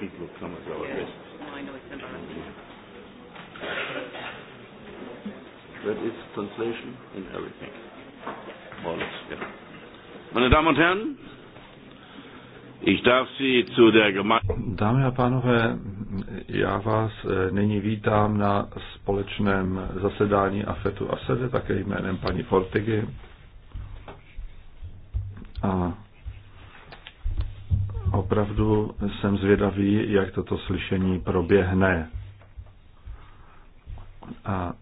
people have come as our yeah. risk. No, I know it's embarrassing. That is translation in everything. All or less, yeah. Meine Damen und Herren, ich darf Sie zu der Gemeinde... Dámy a pánové, já vás eh, nyní vítám na společném zasedání AFETu ASEDE, také jménem paní Fortigy. jsem zvědavý, jak toto slyšení proběhne. A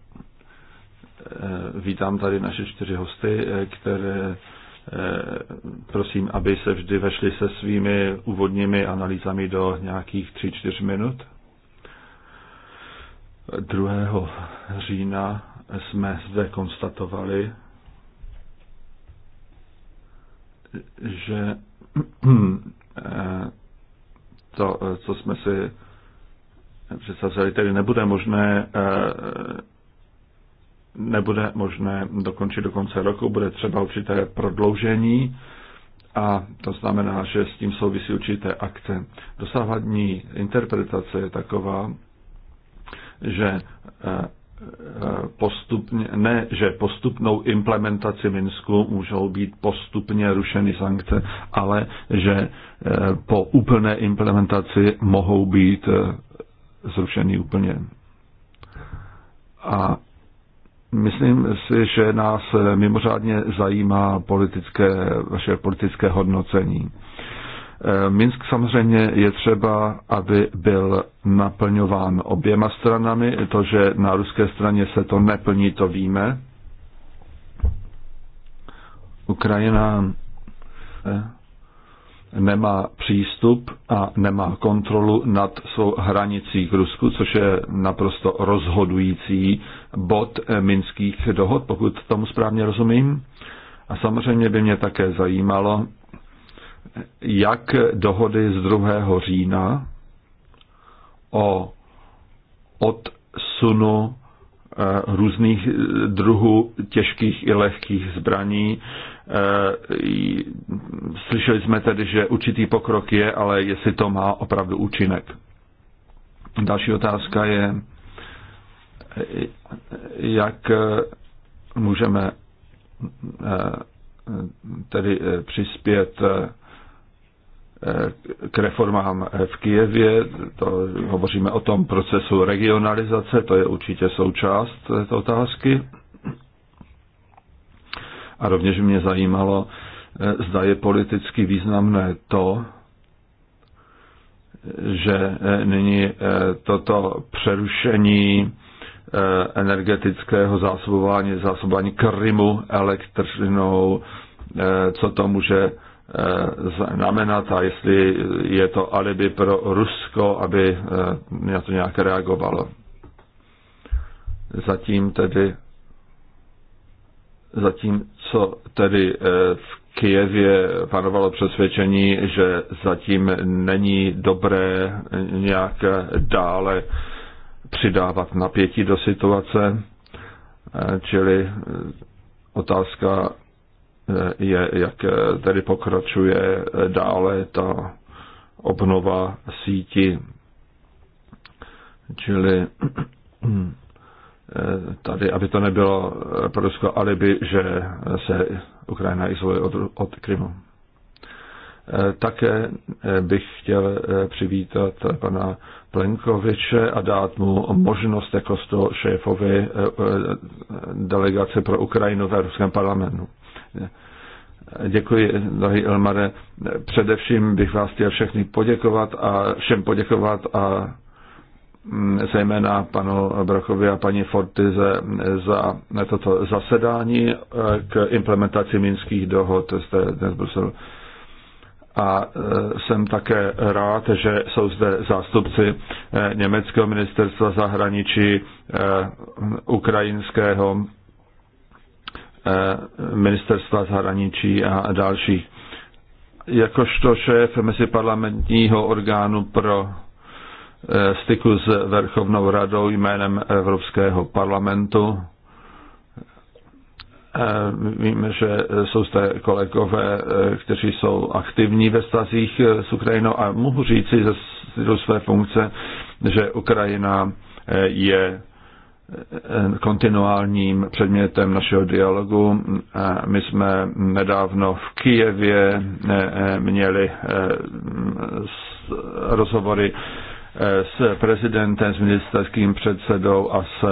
e, vítám tady naše čtyři hosty, e, které e, prosím, aby se vždy vešli se svými úvodními analýzami do nějakých 3-4 minut. 2. října jsme zde konstatovali, že to, eh, co jsme si představili, tedy nebude možné eh, nebude možné dokončit do konce roku, bude třeba určité prodloužení a to znamená, že s tím souvisí určité akce. Dosávadní interpretace je taková, že eh, postupně, ne, že postupnou implementaci Minsku můžou být postupně rušeny sankce, ale že eh, po úplné implementaci mohou být eh, zrušeny úplně. A myslím si, že nás eh, mimořádně zajímá politické, vaše politické hodnocení. Minsk samozřejmě je třeba, aby byl naplňován oběma stranami. To, že na ruské straně se to neplní, to víme. Ukrajina eh, nemá přístup a nemá kontrolu nad svou hranicí k Rusku, což je naprosto rozhodující bod eh, minských dohod, pokud tomu správně rozumím. A samozřejmě by mě také zajímalo, jak dohody z 2. října o odsunu eh, různých eh, druhů těžkých i lehkých zbraní. Eh, slyšeli jsme tedy, že určitý pokrok je, ale jestli to má opravdu účinek. Další otázka je, jak můžeme tedy přispět Eh, k reformám eh, v Kijevě, to hovoříme o tom procesu regionalizace, to je určitě součást této otázky. A rovněž mě zajímalo, eh, zda je politicky významné to, že nyní toto přerušení energetického zásobování, zásobování Krymu elektřinou, co to může Eh, znamenat a jestli je to alibi pro Rusko, aby eh, na to nějak reagovalo. Zatím tedy zatím co tedy eh, v Kijevě panovalo přesvědčení, že zatím není dobré nějak dále přidávat napětí do situace, čili otázka je, jak eh, tedy pokračuje dále ta obnova síti. Čili eh, tady, aby to nebylo eh, pro Rusko alibi, že se Ukrajina izoluje od, od Krymu. Také bych chtěl přivítat pana Plenkoviče a dát mu možnost jako z toho šéfovi delegace pro Ukrajinu v Evropském parlamentu. Děkuji, drahý Elmare. Především bych vás chtěl všechny poděkovat a všem poděkovat a mm, zejména panu Brachovi a paní Fortize za toto zasedání eh, k implementaci minských dohod z Bruselu. A eh, jsem také rád, že jsou zde zástupci eh, německého ministerstva zahraničí, ukrajinského Eh, ministerstva zahraničí a dalších. Jakožto šéf meziparlamentního orgánu pro eh, styku s Verchovnou radou jménem Evropského parlamentu. Eh, víme, že jsou zde kolegové, kteří jsou aktivní ve stazích s Ukrajinou a mohu říci ze své funkce, že Ukrajina je Eh, kontinuálním předmětem našeho dialogu. My jsme nedávno v Kijevě eh, eh, měli rozhovory s prezidentem, s ministerským předsedou a s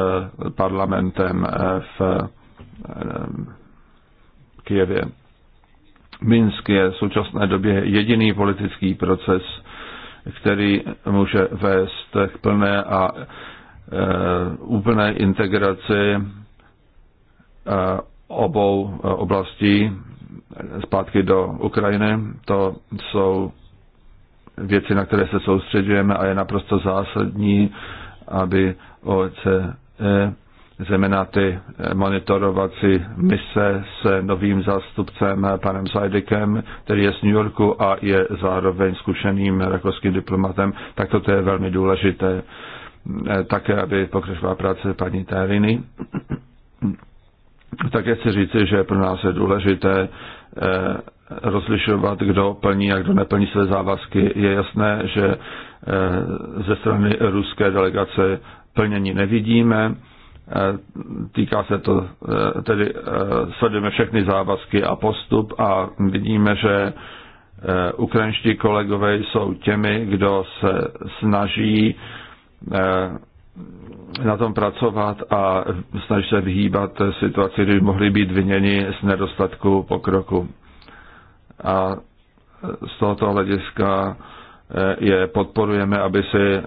parlamentem v Kijevě. Minsk je v současné době jediný politický proces, který může vést k plné a Eh, úplné integraci eh, obou eh, oblastí zpátky do Ukrajiny. To jsou věci, na které se soustředujeme a je naprosto zásadní, aby OCE, e, zejména ty monitorovací mise s novým zástupcem panem Zajdekem, který je z New Yorku a je zároveň zkušeným rakouským diplomatem, tak toto je velmi důležité. Eh, také, aby pokračovala práce paní Tariny. Také chci říci, že pro nás je důležité eh, rozlišovat, kdo plní a kdo neplní své závazky. Je jasné, že eh, ze strany ruské delegace plnění nevidíme. Týká se to, tedy sledujeme všechny závazky a postup a vidíme, že ukrajinští kolegové jsou těmi, kdo se snaží Eh, na tom pracovat a snažit se vyhýbat situaci, kdy mohli být vyněni z nedostatku pokroku. A z tohoto hlediska eh, je podporujeme, aby si eh,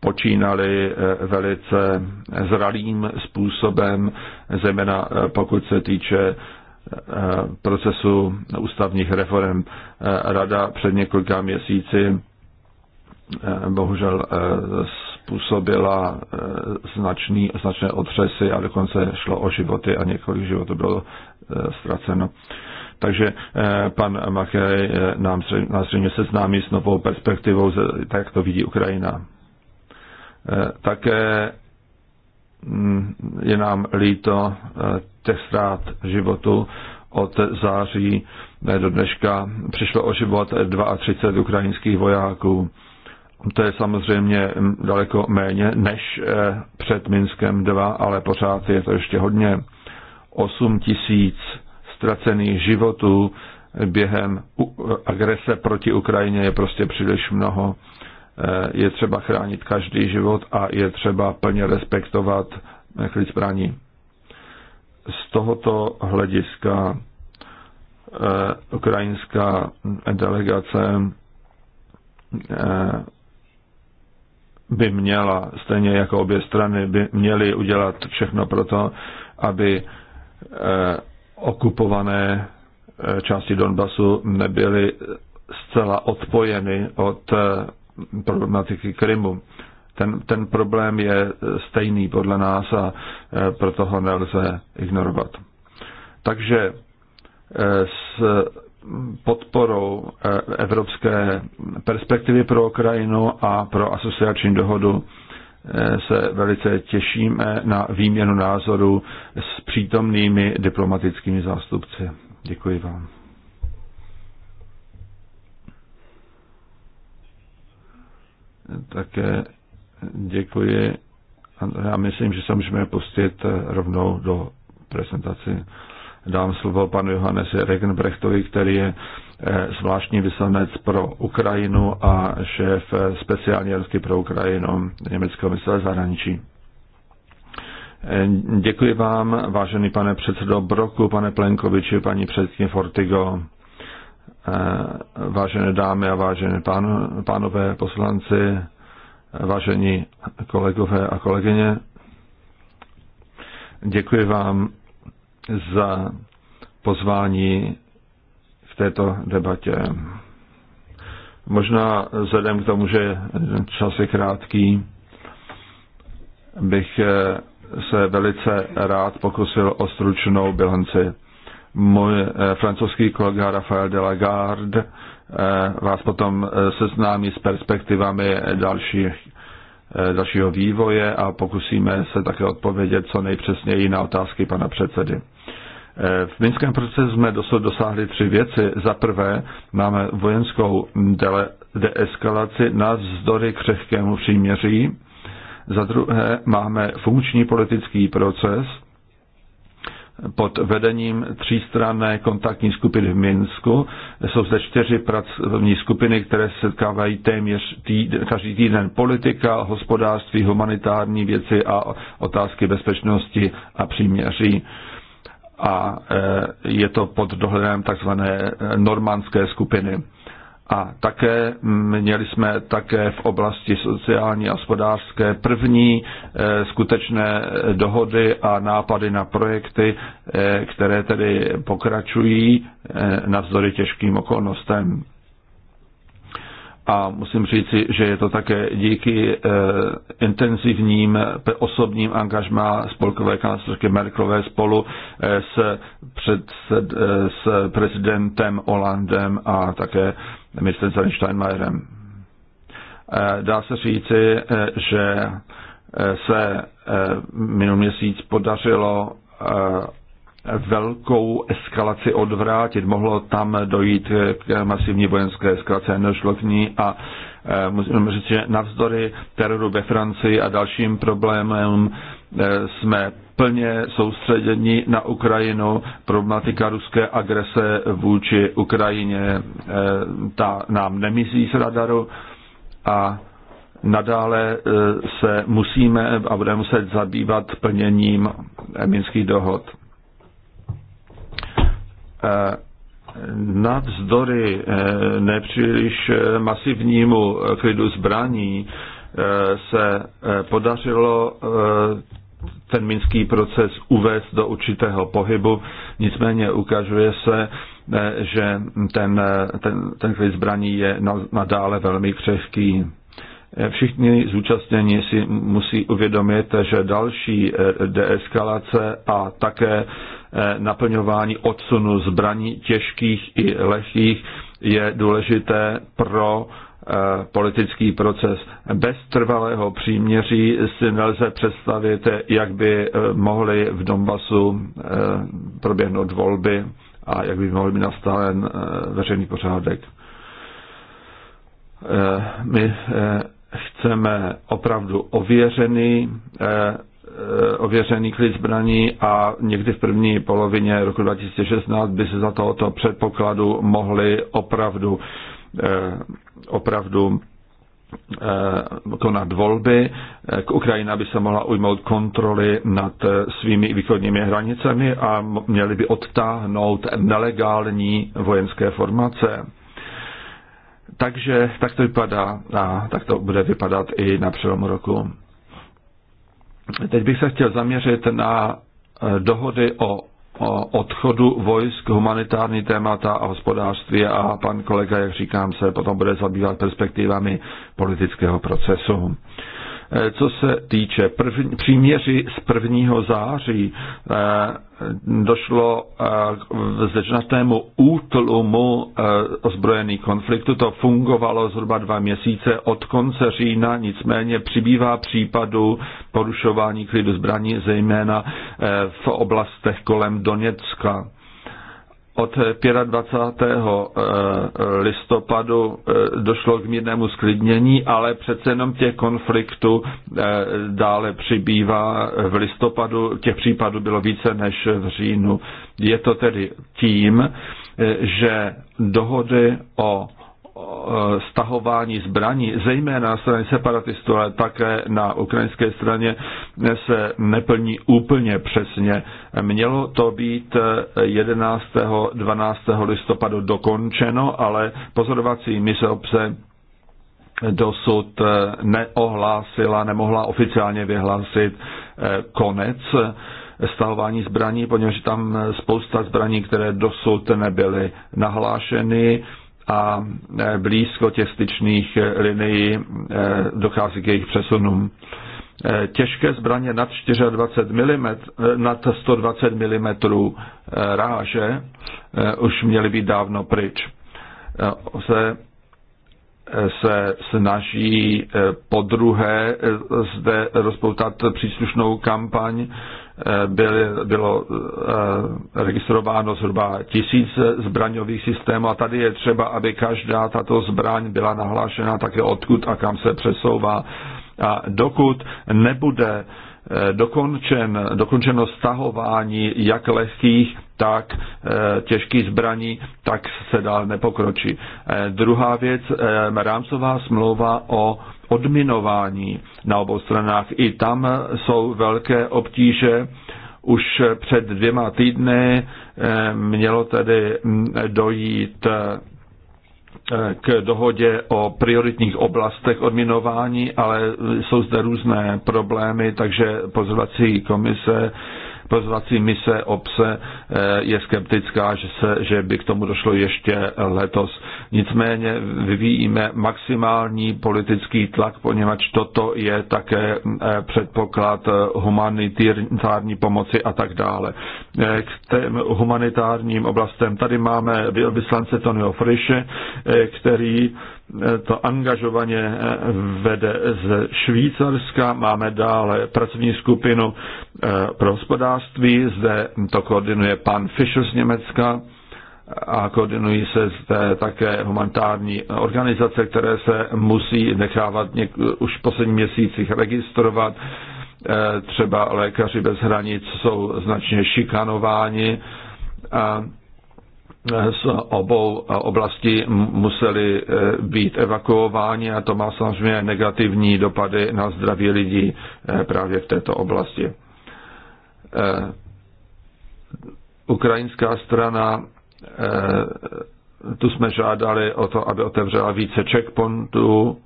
počínali velice zralým způsobem, zejména pokud se týče procesu ústavních reform. Rada před několika měsíci Eh, bohužel eh, způsobila eh, značný, značné otřesy a dokonce šlo o životy a několik životů bylo ztraceno. Takže pan Makej nám následně seznámí s novou perspektivou, tak jak to vidí Ukrajina. Také mm, je nám líto těch ztrát životu od září do dneška přišlo o život 32 ukrajinských vojáků. To je samozřejmě daleko méně než eh, před Minskem 2, ale pořád je to ještě hodně. 8 tisíc ztracených životů během eh, agrese proti Ukrajině je prostě příliš mnoho. Eh, je třeba chránit každý život a je třeba plně respektovat klid zbraní. Z tohoto hlediska ukrajinská delegace by měla, stejně jako obě strany, by měly udělat všechno pro to, aby eh, okupované eh, části Donbasu nebyly zcela odpojeny od eh, problematiky Krymu. Ten, ten problém je stejný podle nás a proto ho nelze ignorovat. Takže s podporou eh, evropské perspektivy pro Ukrajinu a pro asociační dohodu eh, se velice těšíme eh, na výměnu názorů s přítomnými diplomatickými zástupci. Děkuji vám. Také děkuji. Já myslím, že se můžeme pustit rovnou do prezentace dám slovo panu Johannesi Regenbrechtovi, který je eh, zvláštní vyslanec pro Ukrajinu a šéf eh, speciální jazyky pro Ukrajinu Německého ministerstva zahraničí. Eh, děkuji vám, vážený pane předsedo Broku, pane Plenkoviči, paní předsedkyně Fortigo, vážené dámy a vážené pán, pánové poslanci, vážení kolegové a kolegyně. Děkuji vám za pozvání v této debatě. Možná vzhledem k tomu, že čas je krátký, bych se velice rád pokusil o stručnou bilanci. Můj eh, francouzský kolega Rafael de Lagarde eh, vás potom eh, seznámí s perspektivami dalších Eh, dalšího vývoje a pokusíme se také odpovědět co nejpřesněji na otázky pana předsedy. Eh, v minském procesu jsme dosud dosáhli tři věci. Za prvé máme vojenskou deeskalaci na vzdory křehkému příměří. Za druhé máme funkční politický proces pod vedením třístranné kontaktní skupiny v Minsku. Jsou zde čtyři pracovní skupiny, které se setkávají téměř týden, každý týden politika, hospodářství, humanitární věci a otázky bezpečnosti a příměří. A e, je to pod dohledem takzvané e, normandské skupiny. A také měli jsme také v oblasti sociální a hospodářské první eh, skutečné eh, dohody a nápady na projekty, eh, které tedy pokračují navzdory těžkým okolnostem. A musím říci, že je to také díky intenzivním osobním angažmá spolkové kancelářky Merkelové spolu s, před, s prezidentem Olandem a také ministrem Steinmeierem. Eh, dá se říci, eh, že eh, se minulý měsíc podařilo velkou eskalaci odvrátit. Mohlo tam dojít k masivní vojenské eskalaci, nedošlo k ní a musím říct, že navzdory teroru ve Francii a dalším problémem. jsme plně soustředěni na Ukrajinu. Problematika ruské agrese vůči Ukrajině eh, ta nám nemizí z radaru a nadále eh, se musíme a budeme muset zabývat plněním minských dohod. Eh, navzdory nepříliš masivnímu klidu zbraní se podařilo ten minský proces uvést do určitého pohybu, nicméně ukazuje se, eh, že ten, eh, ten, ten klid zbraní je nadále velmi křehký. Eh, všichni zúčastnění si musí uvědomit, že další deeskalace a také naplňování odsunu zbraní těžkých i lehkých je důležité pro Eh, politický proces. Bez trvalého příměří si nelze představit, jak by eh, mohly v Donbasu eh, proběhnout volby a jak by mohl být nastaven veřejný pořádek. My chceme opravdu ověřený, ověřený klid zbraní a někdy v první polovině roku 2016 by se za tohoto předpokladu mohly opravdu Eh, opravdu konat eh, volby. Eh, Ukrajina by se mohla ujmout kontroly nad svými východními hranicemi a měli by odtáhnout nelegální vojenské formace. Takže tak to vypadá a tak to bude vypadat i na přelomu roku. Teď bych se chtěl zaměřit na dohody o o odchodu vojsk, humanitární témata a hospodářství a pan kolega, jak říkám, se potom bude zabývat perspektivami politického procesu. Eh, co se týče první, příměři z 1. září, eh, došlo eh, k značnému útlumu ozbrojených konfliktu To fungovalo zhruba dva měsíce od konce října, nicméně přibývá případů porušování klidu zbraní, zejména v oblastech kolem Doněcka od 25. Eh, listopadu eh, došlo k mírnému sklidnění, ale přece jenom těch konfliktů eh, dále přibývá. V listopadu těch případů bylo více než v říjnu. Je to tedy tím, že dohody o Eh, stahování zbraní, zejména na straně separatistů, ale také na ukrajinské straně, se neplní úplně přesně. Mělo to být 11. Eh, 12. listopadu dokončeno, ale pozorovací mise obce dosud eh, neohlásila, nemohla oficiálně vyhlásit konec stahování zbraní, poněvadž tam spousta zbraní, které dosud nebyly nahlášeny, a e, blízko těstičných e, linií e, dochází k jejich přesunům. Těžké zbraně nad 24 mm, nad 120 mm ráže už měly být dávno pryč. Se, se snaží podruhé zde rozpoutat příslušnou kampaň byly, bylo eh, registrováno zhruba tisíc zbraňových systémů a tady je třeba, aby každá tato zbraň byla nahlášena také odkud a kam se přesouvá. A dokud nebude dokončen, dokončeno stahování jak lehkých, tak eh, těžkých zbraní, tak se dál nepokročí. Eh, druhá věc, eh, rámcová smlouva o odminování na obou stranách. I tam jsou velké obtíže. Už před dvěma týdny mělo tedy mm, dojít Eh, k dohodě o prioritních oblastech odminování, ale jsou zde různé problémy, takže pozorovací komise pozvací mise obse eh, je skeptická, že, se, že by k tomu došlo ještě letos. Nicméně vyvíjíme maximální politický tlak, poněvadž toto je také eh, předpoklad eh, humanitární pomoci a tak dále. K těm humanitárním oblastem tady máme vyslance Tonio Frische, který to angažovaně eh, vede z Švýcarska. Máme dále pracovní skupinu eh, pro hospodářství, zde to koordinuje pan Fischer z Německa a koordinují se zde také humanitární organizace, které se musí nechávat něk- už v posledních měsících registrovat. Eh, třeba lékaři bez hranic jsou značně šikanováni. A z obou oblastí museli eh, být evakuováni a to má samozřejmě negativní dopady na zdraví lidí eh, právě v této oblasti. Eh, ukrajinská strana, tu jsme žádali o to, aby otevřela více checkpointů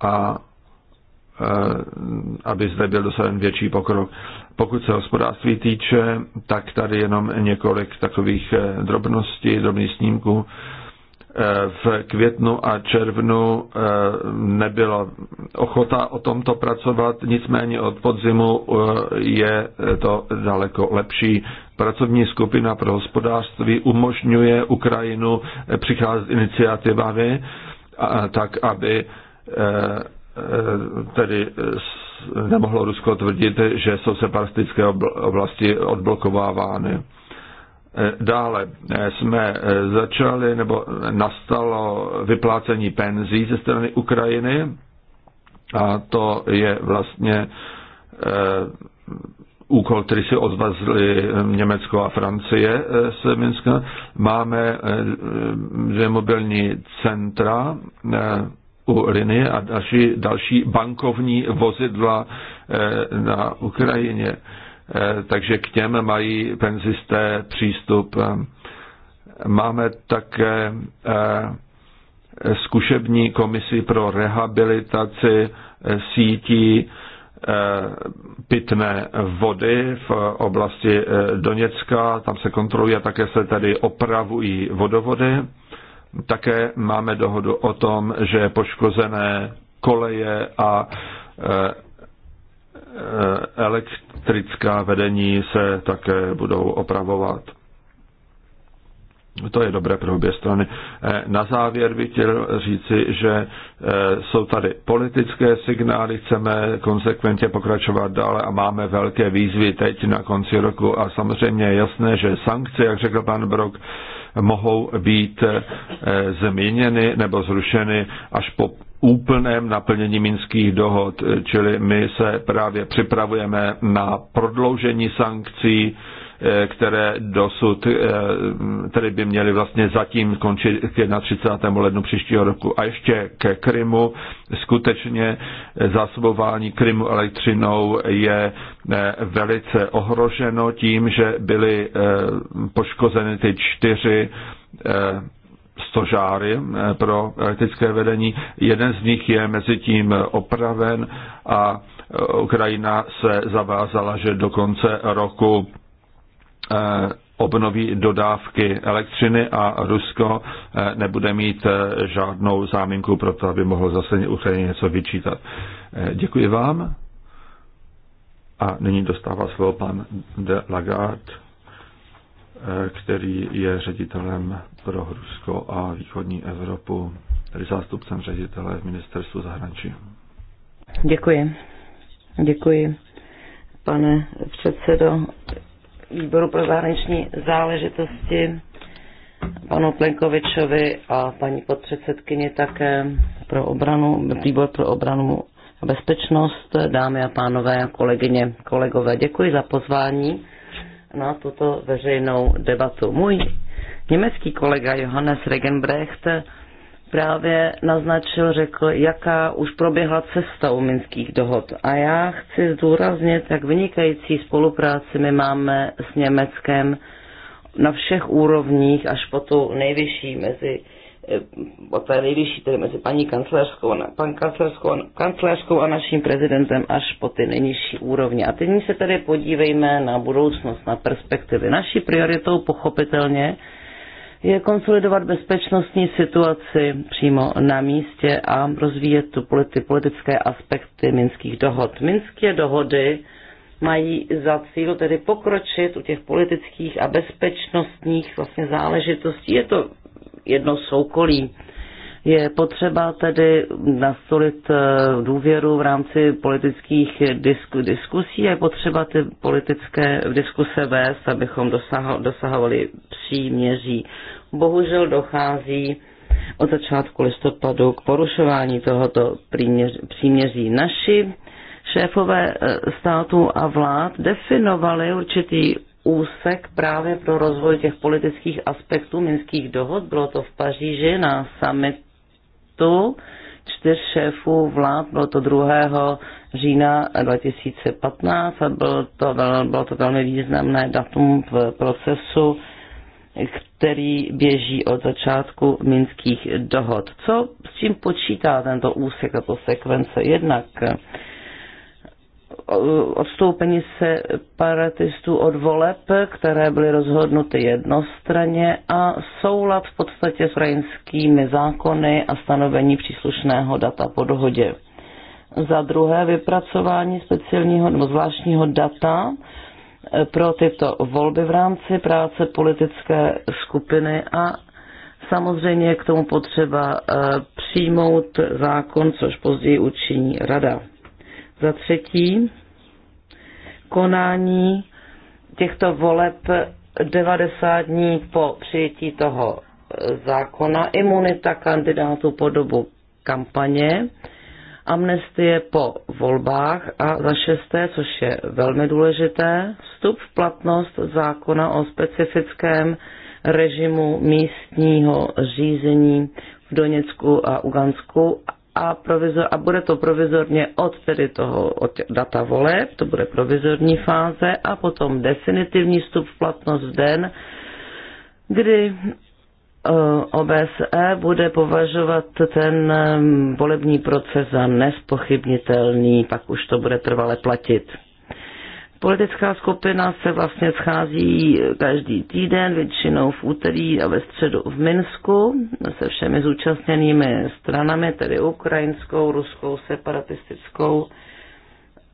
a Eh, aby zde byl dosažen větší pokrok. Pokud se hospodářství týče, tak tady jenom několik takových eh, drobností, drobných snímků. Eh, v květnu a červnu nebyla ochota o tomto pracovat, nicméně od podzimu je to daleko lepší. Pracovní skupina pro hospodářství umožňuje Ukrajinu přicházet iniciativami tak, aby Eh, tedy eh, nemohlo Rusko tvrdit, že jsou separatistické oblasti odblokovávány. Eh, dále jsme začali, nebo nastalo vyplácení penzí ze strany Ukrajiny a to je vlastně úkol, který si odvazli Německo a Francie z Minska. Máme dvě mobilní centra u linie a další, další bankovní vozidla eh, na Ukrajině. Eh, takže k těm mají penzisté přístup. Eh, máme také zkušební komisi pro rehabilitaci sítí pitné vody v oblasti Doněcka, tam se kontroluje, také se tady opravují vodovody také máme dohodu o tom, že poškozené koleje a e, e, elektrická vedení se také budou opravovat. To je dobré pro obě strany. E, na závěr bych chtěl říci, že jsou tady politické signály, chceme konsekventně pokračovat dále a máme velké výzvy teď na konci roku a samozřejmě je jasné, že sankce, jak řekl pan Brok, mohou být eh, změněny nebo zrušeny až po úplném naplnění minských dohod, eh, čili my se právě připravujeme na prodloužení sankcí, Eh, které dosud eh, tedy by měly vlastně zatím končit k 31. lednu příštího roku. A ještě ke Krymu. Skutečně eh, zásobování Krymu elektřinou je velice ohroženo tím, že byly poškozeny ty čtyři stožáry pro elektrické vedení. Jeden z nich je mezi tím opraven a Ukrajina se zavázala, že do konce roku Eh, obnoví dodávky elektřiny a Rusko eh, nebude mít eh, žádnou záminku pro to, aby mohlo zase Ukrajině něco vyčítat. Děkuji vám. A nyní dostává slovo pan de Lagarde, který je ředitelem pro Rusko a východní Evropu, tedy zástupcem ředitele v ministerstvu zahraničí. Děkuji. Děkuji, pane předsedo výboru pro zahraniční záležitosti, panu Plenkovičovi a paní podpředsedkyně také pro obranu, výbor pro obranu a bezpečnost, dámy a pánové, kolegyně, kolegové. Děkuji za pozvání na tuto veřejnou debatu. Můj německý kolega Johannes Regenbrecht právě naznačil, řekl, jaká už proběhla cesta u minských dohod. A já chci zdůraznit, jak vynikající spolupráci my máme s Německem na všech úrovních, až po tu nejvyšší mezi eh, od té nejvyšší, tedy mezi paní kancelářskou, pan kancelářskou, kancelářskou a naším prezidentem až po ty nejnižší úrovně. A teď se tedy podívejme na budoucnost, na perspektivy. Naší prioritou pochopitelně je konsolidovat bezpečnostní situaci přímo na místě a rozvíjet tu politi- politické aspekty minských dohod. Minské dohody mají za cíl tedy pokročit u těch politických a bezpečnostních vlastně záležitostí. Je to jedno soukolí je potřeba tedy nastolit eh, důvěru v rámci politických disk- diskusí a je potřeba ty politické diskuse vést, abychom dosaho- dosahovali příměří. Bohužel dochází od začátku listopadu k porušování tohoto příměř, příměří. Naši šéfové eh, států a vlád definovali určitý úsek právě pro rozvoj těch politických aspektů minských dohod. Bylo to v Paříži na summit summitu čtyř šéfů vlád, bylo to 2. října 2015 a bylo to, bylo to velmi významné datum v procesu, který běží od začátku minských dohod. Co s čím počítá tento úsek, tato sekvence? Jednak odstoupení separatistů od voleb, které byly rozhodnuty jednostranně a soulad v podstatě s ukrajinskými zákony a stanovení příslušného data po dohodě. Za druhé vypracování speciálního nebo zvláštního data pro tyto volby v rámci práce politické skupiny a samozřejmě k tomu potřeba eh, přijmout zákon, což později učiní rada. Za třetí, konání těchto voleb 90 dní po přijetí toho eh, zákona, imunita kandidátů po dobu kampaně, amnestie po volbách a za šesté, což je velmi důležité, vstup v platnost zákona o specifickém režimu místního řízení v Doněcku a Ugansku a, provizor, a bude to provizorně od tedy toho od data voleb, to bude provizorní fáze a potom definitivní vstup v platnost v den, kdy eh, OBSE bude považovat ten eh, volební proces za nespochybnitelný, pak už to bude trvale platit. Politická skupina se vlastně schází každý týden, většinou v úterý a ve středu v Minsku se všemi zúčastněnými stranami, tedy ukrajinskou, ruskou, separatistickou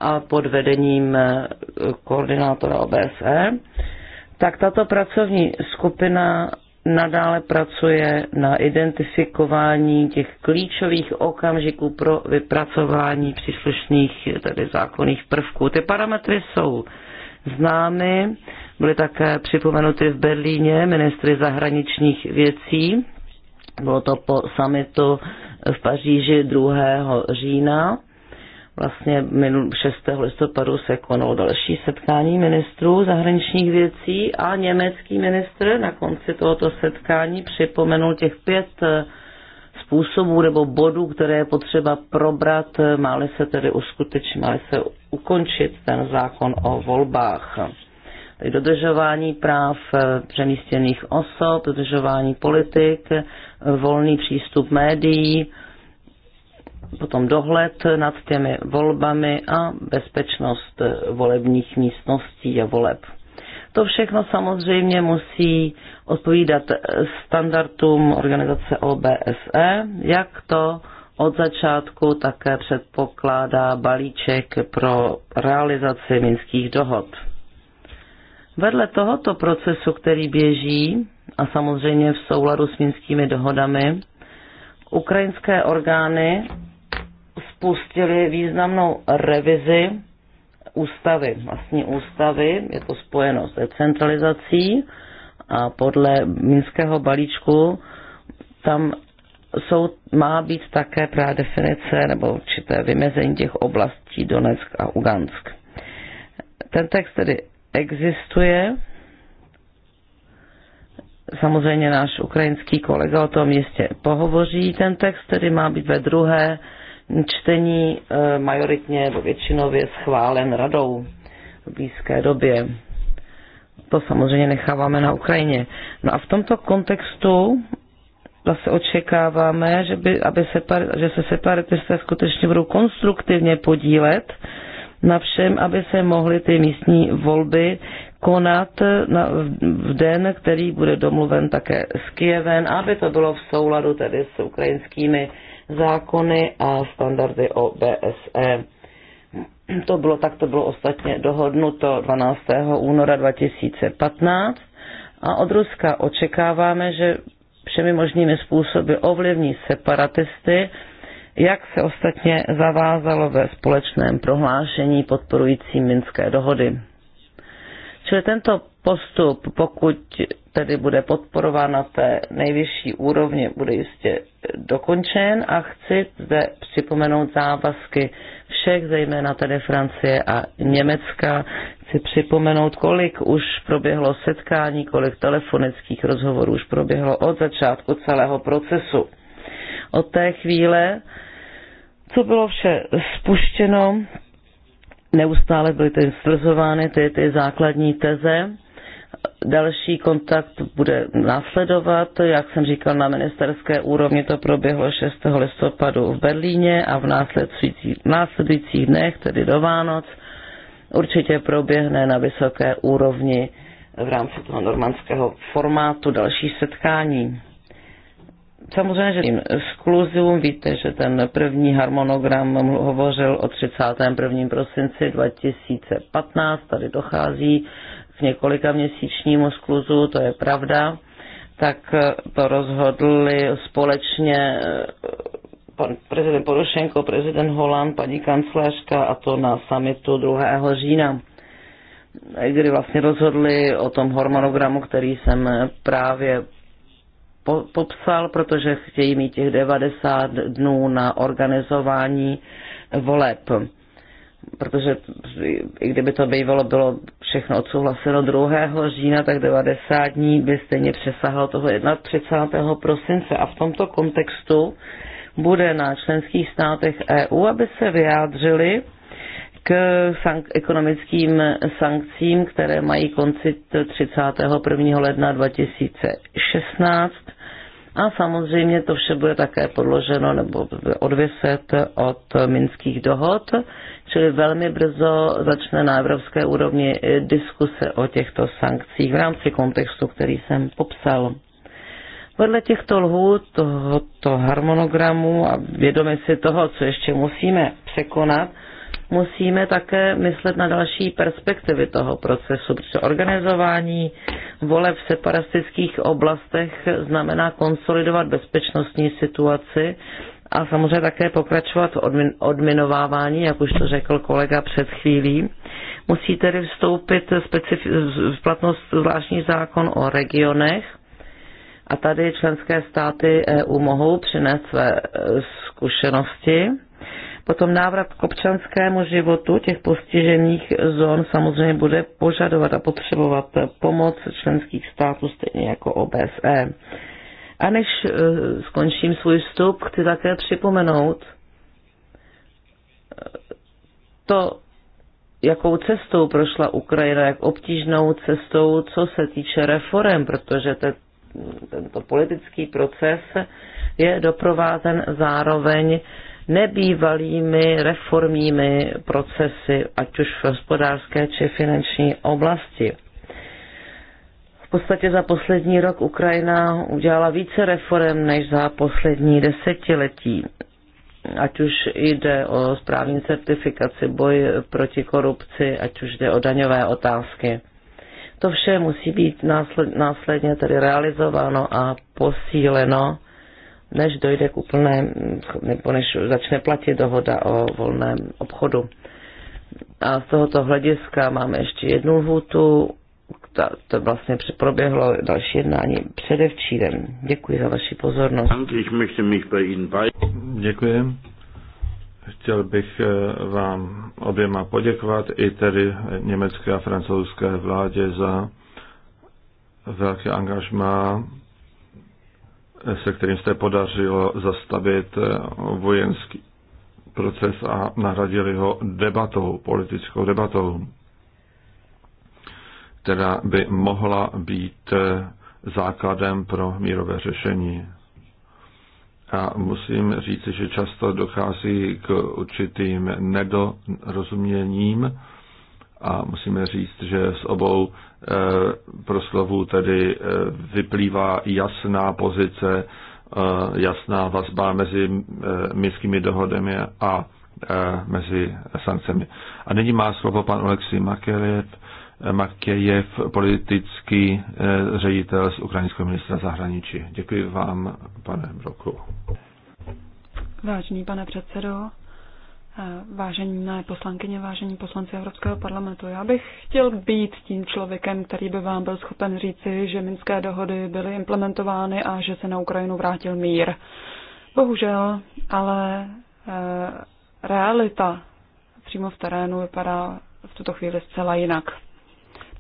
a pod vedením koordinátora OBSE. Tak tato pracovní skupina nadále pracuje na identifikování těch klíčových okamžiků pro vypracování příslušných tedy zákonných prvků. Ty parametry jsou známy, byly také připomenuty v Berlíně ministry zahraničních věcí. Bylo to po samitu v Paříži 2. října Vlastně 6. listopadu se konalo další setkání ministrů zahraničních věcí a německý ministr na konci tohoto setkání připomenul těch pět eh, způsobů nebo bodů, které je potřeba probrat, máli se tedy uskutečnit, máli se ukončit ten zákon o volbách. Tedy dodržování práv eh, přemístěných osob, dodržování politik, eh, volný přístup médií, potom dohled nad těmi volbami a bezpečnost volebních místností a voleb. To všechno samozřejmě musí odpovídat standardům organizace OBSE, jak to od začátku také předpokládá balíček pro realizaci minských dohod. Vedle tohoto procesu, který běží, a samozřejmě v souladu s minskými dohodami, ukrajinské orgány spustili významnou revizi ústavy, vlastní ústavy, je to spojeno s decentralizací a podle Minského balíčku tam jsou, má být také právě definice nebo určité vymezení těch oblastí Donetsk a Ugansk. Ten text tedy existuje. Samozřejmě náš ukrajinský kolega o tom jistě pohovoří. Ten text tedy má být ve druhé čtení eh, majoritně nebo většinově schválen radou v blízké době. To samozřejmě necháváme na Ukrajině. No a v tomto kontextu zase očekáváme, že, by, aby separ, že se separatisté skutečně budou konstruktivně podílet na všem, aby se mohly ty místní volby konat na, v, v den, který bude domluven také s Kijevem, aby to bylo v souladu tedy s ukrajinskými zákony a standardy OBSE. To bylo tak, to bylo ostatně dohodnuto 12. února 2015 a od Ruska očekáváme, že všemi možnými způsoby ovlivní separatisty, jak se ostatně zavázalo ve společném prohlášení podporující Minské dohody. Čili tento postup, pokud tedy bude podporován na té nejvyšší úrovni, bude jistě dokončen a chci zde připomenout závazky všech, zejména tedy Francie a Německa. Chci připomenout, kolik už proběhlo setkání, kolik telefonických rozhovorů už proběhlo od začátku celého procesu. Od té chvíle, co bylo vše spuštěno, neustále byly ty stvrzovány ty, ty základní teze, Další kontakt bude následovat. Jak jsem říkal, na ministerské úrovni to proběhlo 6. listopadu v Berlíně a v následujících, v následujících dnech, tedy do Vánoc, určitě proběhne na vysoké úrovni v rámci toho normandského formátu další setkání. Samozřejmě, že tím skluzivům víte, že ten první harmonogram hovořil o 31. prosinci 2015, tady dochází v několika měsíčnímu skluzu, to je pravda, tak eh, to rozhodli společně eh, pan prezident Porošenko, prezident Holand, paní kancléřka a to na samitu 2. října, kdy vlastně rozhodli o tom hormonogramu, který jsem právě po, popsal, protože chtějí mít těch 90 dnů na organizování voleb protože i kdyby to bývalo bylo všechno odsouhlaseno 2. října, tak 90 dní by stejně přesahlo toho 31. prosince. A v tomto kontextu bude na členských státech EU, aby se vyjádřili k sank- ekonomickým sankcím, které mají konci 31. ledna 2016. A samozřejmě to vše bude také podloženo nebo odvěset od minských dohod čili velmi brzo začne na evropské úrovni diskuse o těchto sankcích v rámci kontextu, který jsem popsal. Podle těchto lhů, tohoto harmonogramu a vědomi si toho, co ještě musíme překonat, musíme také myslet na další perspektivy toho procesu, protože organizování vole v separatistických oblastech znamená konsolidovat bezpečnostní situaci a samozřejmě také pokračovat v odmin, odminovávání, jak už to řekl kolega před chvílí. Musí tedy vstoupit v platnost zvláštní zákon o regionech a tady členské státy EU mohou přinést své e, zkušenosti. Potom návrat k občanskému životu těch postižených zón samozřejmě bude požadovat a potřebovat pomoc členských států stejně jako OBSE. A než eh, skončím svůj vstup, chci také připomenout eh, to, jakou cestou prošla Ukrajina, jak obtížnou cestou, co se týče reform, protože te, tento politický proces je doprovázen zároveň nebývalými reformními procesy, ať už v hospodářské či finanční oblasti podstatě za poslední rok Ukrajina udělala více reform než za poslední desetiletí. Ať už jde o správní certifikaci, boj proti korupci, ať už jde o daňové otázky. To vše musí být následně tedy realizováno a posíleno, než dojde k úplné, nebo než začne platit dohoda o volném obchodu. A z tohoto hlediska máme ještě jednu lhůtu ta, to vlastně proběhlo další jednání předevčírem. Děkuji za vaši pozornost. Děkuji. Chtěl bych eh, vám oběma poděkovat i tedy německé a francouzské vládě za velké angažmá, se kterým jste podařilo zastavit eh, vojenský proces a nahradili ho debatou, politickou debatou která by mohla být eh, základem pro mírové řešení. A musím říci, že často dochází k určitým nedorozuměním a musíme říct, že z obou eh, proslovů tedy eh, vyplývá jasná pozice, jasná vazba mezi městskými dohodami a mezi sankcemi. A nyní má slovo pan Makeliet, e, Makejev, politický eh, ředitel z ukrajinského ministra zahraničí. Děkuji vám, pane Broku. Vážený pane předsedo, eh, vážené poslankyně, vážení poslanci Evropského parlamentu, já bych chtěl být tím člověkem, který by vám byl schopen říci, že minské dohody byly implementovány a že se na Ukrajinu vrátil mír. Bohužel, ale eh, realita přímo v terénu vypadá v tuto chvíli zcela jinak.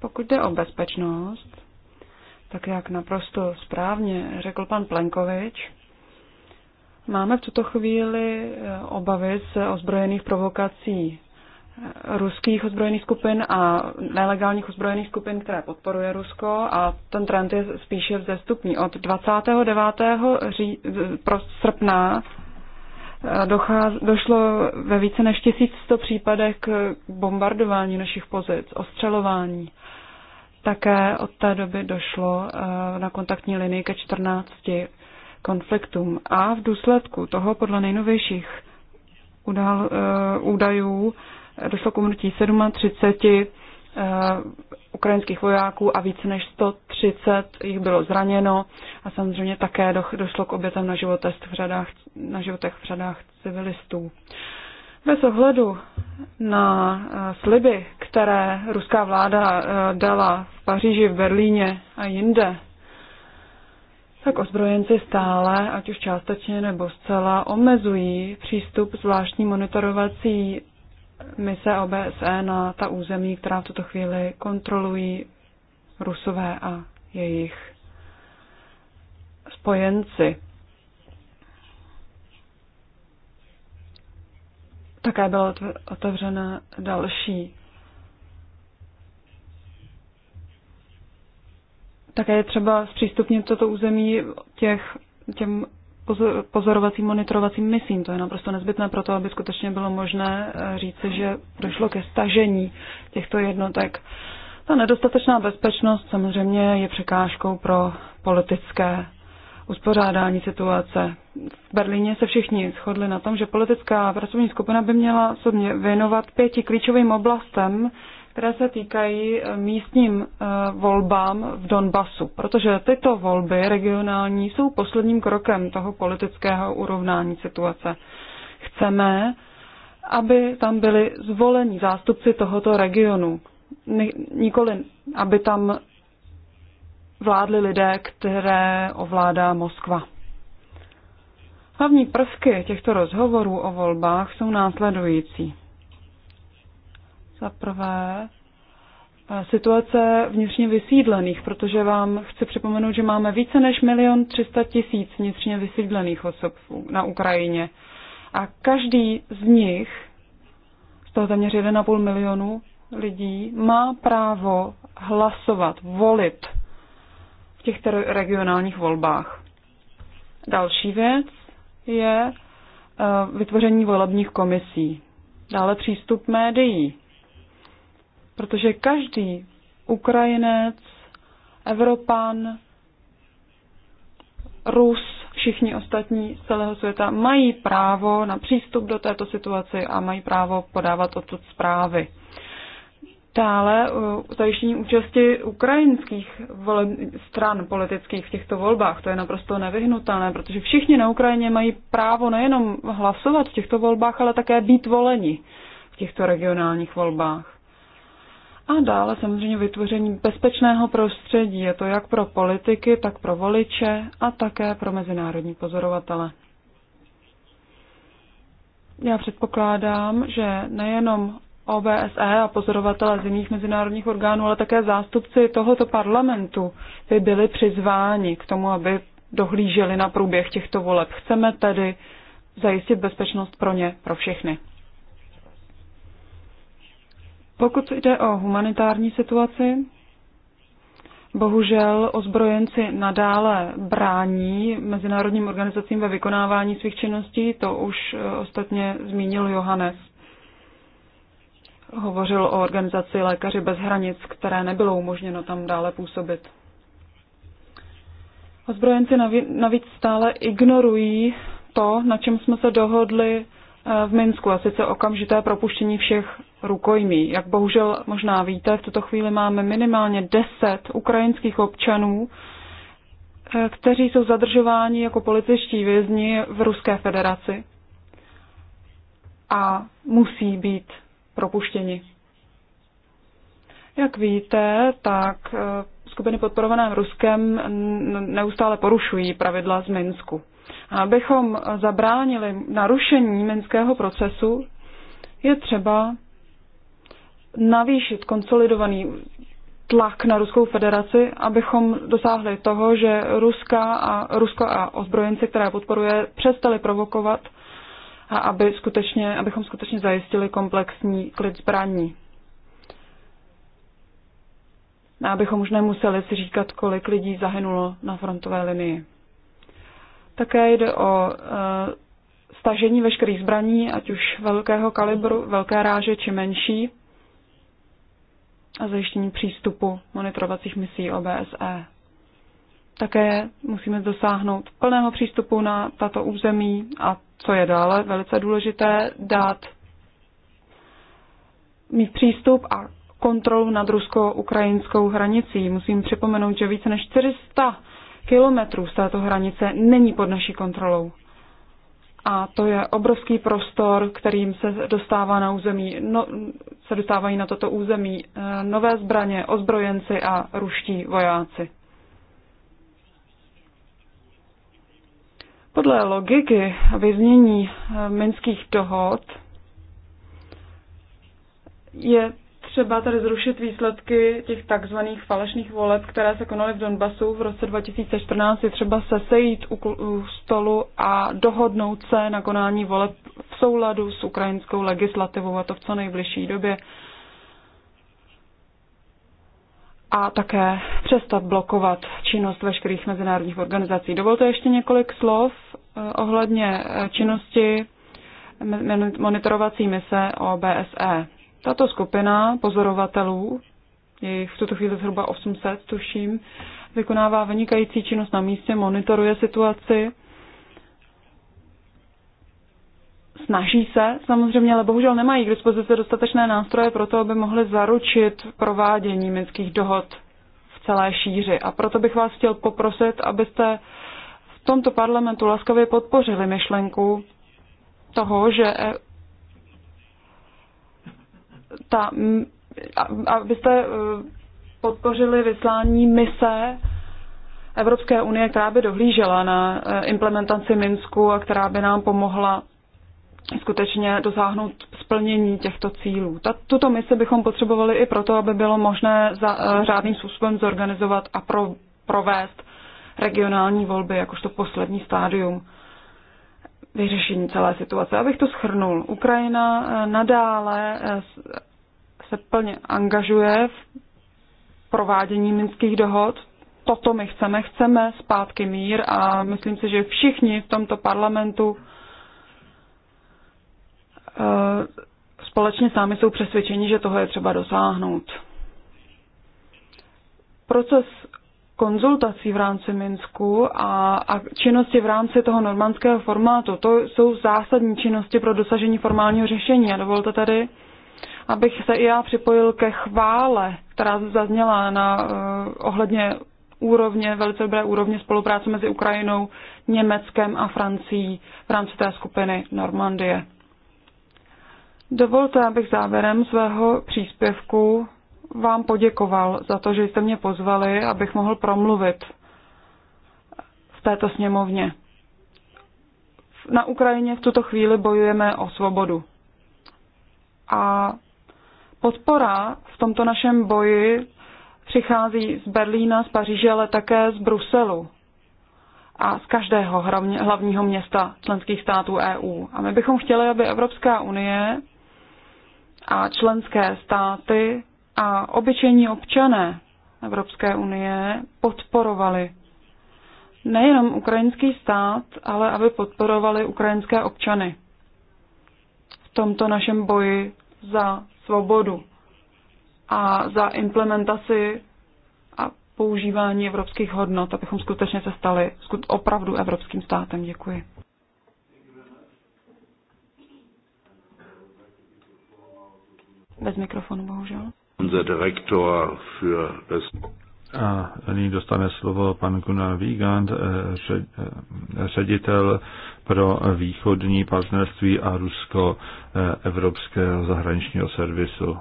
Pokud jde o bezpečnost, tak jak naprosto správně řekl pan Plenkovič, máme v tuto chvíli eh, obavy z ozbrojených provokací eh, ruských ozbrojených skupin a nelegálních ozbrojených skupin, které podporuje Rusko a ten trend je spíše vzestupný. Od 29. Ří, pro srpna došlo ve více než 1100 případech k bombardování našich pozic, ostřelování. Také od té doby došlo eh, na kontaktní linii ke 14 konfliktům. A v důsledku toho, podle nejnovějších eh, údajů, došlo k umrtí 37 Eh, ukrajinských vojáků a více než 130 jich bylo zraněno a samozřejmě také došlo k obětem na životech v řadách, na životech v řadách civilistů. Bez ohledu na eh, sliby, které ruská vláda eh, dala v Paříži, v Berlíně a jinde, tak ozbrojenci stále, ať už částečně nebo zcela, omezují přístup zvláštní monitorovací mise OBSE na ta území, která v tuto chvíli kontrolují Rusové a jejich spojenci. Také byla otevřena další. Také je třeba zpřístupnit toto území těch, těm pozorovacím monitorovacím misím. To je naprosto nezbytné pro to, aby skutečně bylo možné eh, říci, že došlo ke stažení těchto jednotek. Ta nedostatečná bezpečnost samozřejmě je překážkou pro politické uspořádání situace. V Berlíně se všichni shodli na tom, že politická pracovní skupina by měla se věnovat pěti klíčovým oblastem, které se týkají eh, místním eh, volbám v Donbasu, protože tyto volby regionální jsou posledním krokem toho politického urovnání situace. Chceme, aby tam byli zvoleni zástupci tohoto regionu, nikoli aby tam vládli lidé, které ovládá Moskva. Hlavní prvky těchto rozhovorů o volbách jsou následující. Za prvé, eh, situace vnitřně vysídlených, protože vám chci připomenout, že máme více než milion 300 tisíc vnitřně vysídlených osob na Ukrajině. A každý z nich, z toho téměř 1,5 milionu lidí, má právo hlasovat, volit v těchto regionálních volbách. Další věc je eh, vytvoření volebních komisí. Dále přístup médií Protože každý Ukrajinec, Evropan, Rus, všichni ostatní z celého světa mají právo na přístup do této situace a mají právo podávat odtud zprávy. Dále zajištění účasti ukrajinských stran politických v těchto volbách. To je naprosto nevyhnutelné, protože všichni na Ukrajině mají právo nejenom hlasovat v těchto volbách, ale také být voleni v těchto regionálních volbách. A dále samozřejmě vytvoření bezpečného prostředí. Je to jak pro politiky, tak pro voliče a také pro mezinárodní pozorovatele. Já předpokládám, že nejenom OBSE a pozorovatele z jiných mezinárodních orgánů, ale také zástupci tohoto parlamentu by byli přizváni k tomu, aby dohlíželi na průběh těchto voleb. Chceme tedy zajistit bezpečnost pro ně, pro všechny. Pokud jde o humanitární situaci, bohužel ozbrojenci nadále brání mezinárodním organizacím ve vykonávání svých činností, to už eh, ostatně zmínil Johannes. Hovořil o organizaci Lékaři bez hranic, které nebylo umožněno tam dále působit. Ozbrojenci navíc stále ignorují to, na čem jsme se dohodli eh, v Minsku, a sice okamžité propuštění všech rukojmí. Jak bohužel možná víte, v tuto chvíli máme minimálně 10 ukrajinských občanů, eh, kteří jsou zadržováni jako političtí vězni v Ruské federaci a musí být propuštěni. Jak víte, tak eh, skupiny podporované Ruskem neustále porušují pravidla z Minsku. Abychom zabránili narušení minského procesu, je třeba navýšit konsolidovaný tlak na Ruskou federaci, abychom dosáhli toho, že Ruska a, Rusko a ozbrojenci, které podporuje, přestali provokovat a aby skutečně, abychom skutečně zajistili komplexní klid zbraní. A abychom už nemuseli si říkat, kolik lidí zahynulo na frontové linii. Také jde o e, stažení veškerých zbraní, ať už velkého kalibru, velké ráže či menší, a zajištění přístupu monitorovacích misí OBSE. Také musíme dosáhnout plného přístupu na tato území a co je dále velice důležité, dát mít přístup a kontrolu nad rusko-ukrajinskou hranicí. Musím připomenout, že více než 400 kilometrů z této hranice není pod naší kontrolou a to je obrovský prostor, kterým se dostává na území, no, se dostávají na toto území eh, nové zbraně, ozbrojenci a ruští vojáci. Podle logiky vyznění eh, minských dohod je třeba tady zrušit výsledky těch takzvaných falešných voleb, které se konaly v Donbasu v roce 2014. Je třeba se sejít u stolu a dohodnout se na konání voleb v souladu s ukrajinskou legislativou a to v co nejbližší době. A také přestat blokovat činnost veškerých mezinárodních organizací. Dovolte ještě několik slov eh, ohledně eh, činnosti monitorovací mise OBSE. Tato skupina pozorovatelů, je jich v tuto chvíli zhruba 800, tuším, vykonává vynikající činnost na místě, monitoruje situaci, snaží se samozřejmě, ale bohužel nemají k dispozici dostatečné nástroje pro to, aby mohli zaručit provádění minských dohod v celé šíři. A proto bych vás chtěl poprosit, abyste v tomto parlamentu laskavě podpořili myšlenku toho, že ta, abyste e, podpořili vyslání mise Evropské unie, která by dohlížela na e, implementaci Minsku a která by nám pomohla skutečně dosáhnout splnění těchto cílů. tuto misi bychom potřebovali i proto, aby bylo možné za, e, řádným způsobem zorganizovat a provést regionální volby jakožto poslední stádium vyřešení celé situace. Abych to schrnul, Ukrajina eh, nadále eh, se plně angažuje v provádění minských dohod. Toto my chceme, chceme zpátky mír a myslím si, že všichni v tomto parlamentu eh, společně sami jsou přesvědčeni, že toho je třeba dosáhnout. Proces konzultací v rámci Minsku a, a činnosti v rámci toho normandského formátu. To jsou zásadní činnosti pro dosažení formálního řešení. A dovolte tady, abych se i já připojil ke chvále, která zazněla na uh, ohledně úrovně, velice dobré úrovně spolupráce mezi Ukrajinou, Německem a Francií v rámci té skupiny Normandie. Dovolte, abych závěrem svého příspěvku vám poděkoval za to, že jste mě pozvali, abych mohl promluvit v této sněmovně. Na Ukrajině v tuto chvíli bojujeme o svobodu. A podpora v tomto našem boji přichází z Berlína, z Paříže, ale také z Bruselu a z každého hlavního města členských států EU. A my bychom chtěli, aby Evropská unie a členské státy a obyčejní občané Evropské unie podporovali nejenom ukrajinský stát, ale aby podporovali ukrajinské občany v tomto našem boji za svobodu a za implementaci a používání evropských hodnot, abychom skutečně se stali opravdu evropským státem. Děkuji. Bez mikrofonu, bohužel unser Direktor für das a nyní dostane slovo pan Gunnar Wiegand, eh, eh, ředitel pro východní partnerství a rusko-evropského eh, zahraničního servisu.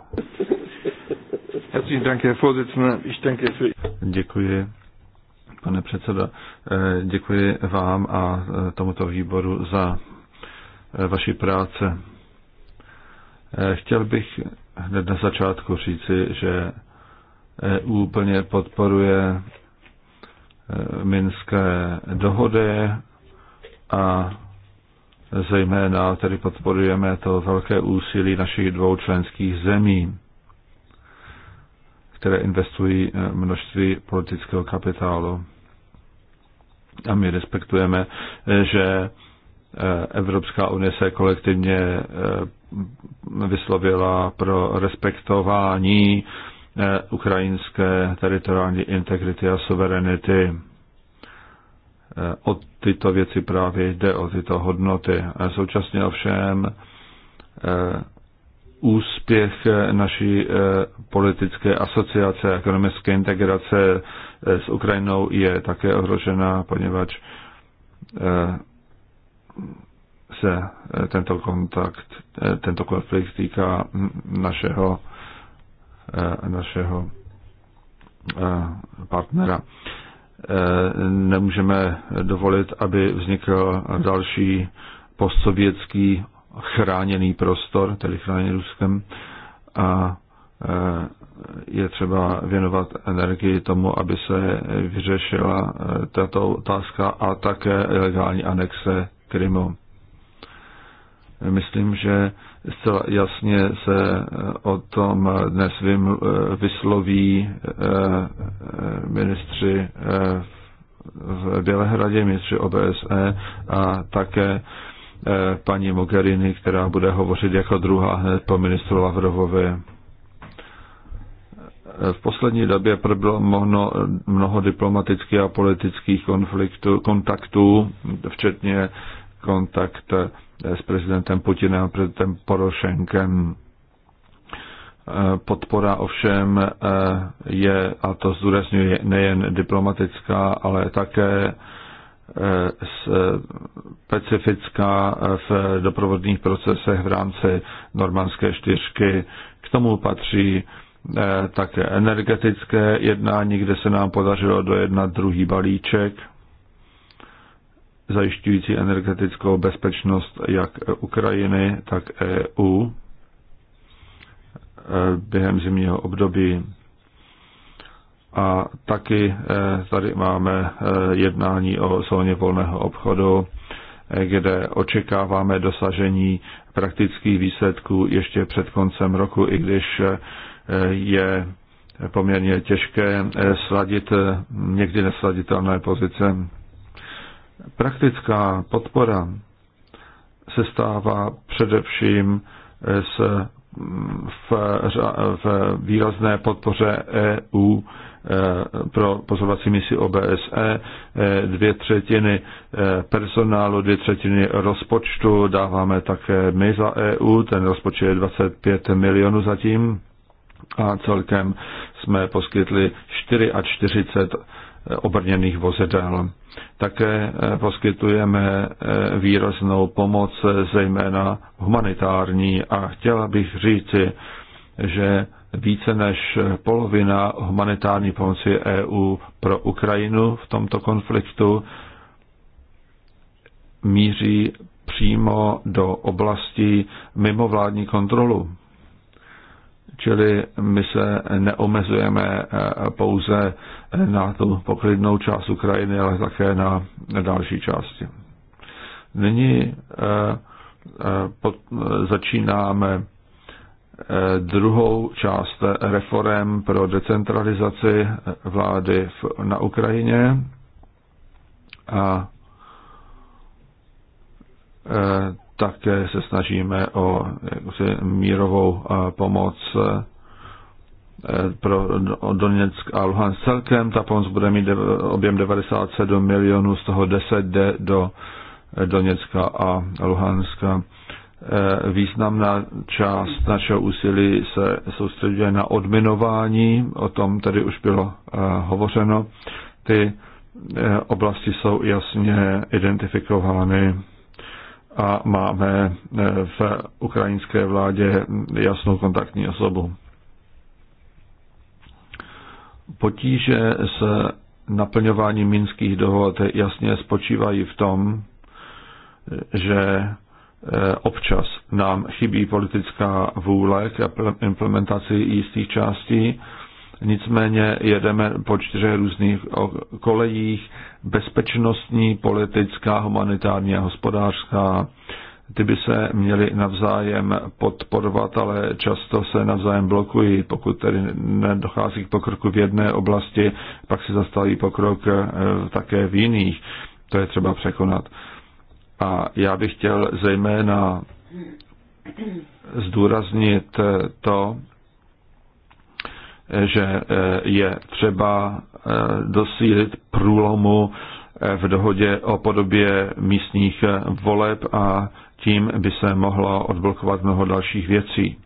Děkuji, pane předseda. Děkuji vám a tomuto výboru za vaši práce. Chtěl bych hned na začátku říci, že EU plně podporuje e, minské dohody a zejména tedy podporujeme to velké úsilí našich dvou členských zemí, které investují e, množství politického kapitálu. A my respektujeme, e, že Evropská unie se kolektivně vyslovila pro respektování eh, ukrajinské teritoriální integrity a suverenity. Eh, o tyto věci právě jde, o tyto hodnoty. A eh, současně ovšem úspěch naší politické asociace a ekonomické integrace s Ukrajinou je také ohrožena, poněvadž se eh, tento kontakt, eh, tento konflikt týká našeho, eh, našeho partnera. Nemůžeme dovolit, aby vznikl další postsovětský chráněný prostor, tedy chráněný Ruskem, a je třeba věnovat energii tomu, aby se vyřešila tato otázka a také ilegální anexe Krymu. Myslím, že zcela jasně se eh, o tom eh, dnes eh, vysloví ministři v Bělehradě, ministři OBSE a také paní Mogherini, která bude hovořit jako druhá hned po ministru Lavrovovi. V poslední době proběhlo mnoho, mnoho diplomatických a politických konfliktů, kontaktů, včetně kontakt s prezidentem Putinem a prezidentem Porošenkem. E, podpora ovšem e, je, a to zdůrazňuje nejen diplomatická, ale také e, specifická v doprovodných procesech v rámci normandské čtyřky. K tomu patří také energetické jednání, kde se nám podařilo dojednat druhý balíček zajišťující energetickou bezpečnost jak Ukrajiny, tak EU e, během zimního období. A taky e, tady máme e, jednání o zóně volného obchodu, kde očekáváme dosažení praktických výsledků ještě před koncem roku, i když je poměrně těžké sladit někdy nesladitelné pozice Praktická podpora se stává především eh, s, mm, v, v výrazné podpoře EU eh, pro pozorovací misi OBSE, eh, dvě třetiny personálu, dvě třetiny rozpočtu dáváme také my za EU, ten rozpočet je 25 milionů zatím a celkem jsme poskytli 44 obrněných vozidel. Také eh, poskytujeme eh, výraznou pomoc, eh, zejména humanitární, a chtěla bych říci, že více než polovina humanitární pomoci EU pro Ukrajinu v tomto konfliktu míří přímo do oblasti mimo vládní kontrolu. Čili my se neomezujeme eh, pouze eh, na tu poklidnou část Ukrajiny, ale také na další části. Nyní eh, začínáme druhou část reform pro decentralizaci vlády na Ukrajině a také se snažíme o jako mírovou pomoc e, pro Doněck a Luhansk celkem. Ta pomoc bude mít objem 97 milionů, z toho 10 jde do e, Doněcka a Luhanska. E, významná část našeho úsilí se soustředuje na odminování, o tom tedy už bylo hovořeno. Ty oblasti jsou jasně identifikovány a máme eh, v ukrajinské vládě jasnou kontaktní osobu. Potíže s naplňováním minských dohod jasně spočívají v tom, že eh, občas nám chybí politická vůle k implementaci jistých částí Nicméně jedeme po čtyřech různých kolejích, bezpečnostní, politická, humanitární a hospodářská. Ty by se měly navzájem podporovat, ale často se navzájem blokují. Pokud tedy nedochází k pokroku v jedné oblasti, pak se zastaví pokrok eh, také v jiných. To je třeba překonat. A já bych chtěl zejména zdůraznit eh, to, že e, je třeba e, dosílit průlomu e, v dohodě o podobě místních voleb a tím by se mohlo odblokovat mnoho dalších věcí.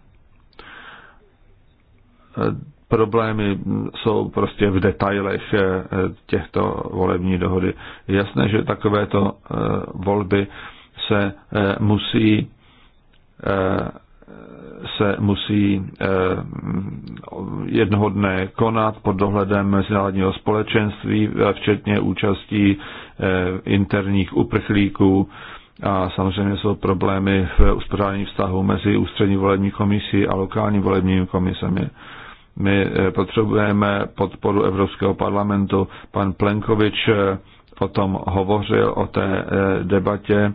Problémy jsou prostě v detailech těchto volební dohody. Je jasné, že takovéto volby se musí se musí eh, jednoho dne konat pod dohledem mezinárodního společenství, včetně účastí eh, interních uprchlíků. A samozřejmě jsou problémy v uspořádání vztahu mezi ústřední volební komisí a lokální volebními komisemi. My eh, potřebujeme podporu Evropského parlamentu. Pan Plenkovič o tom hovořil, o té debatě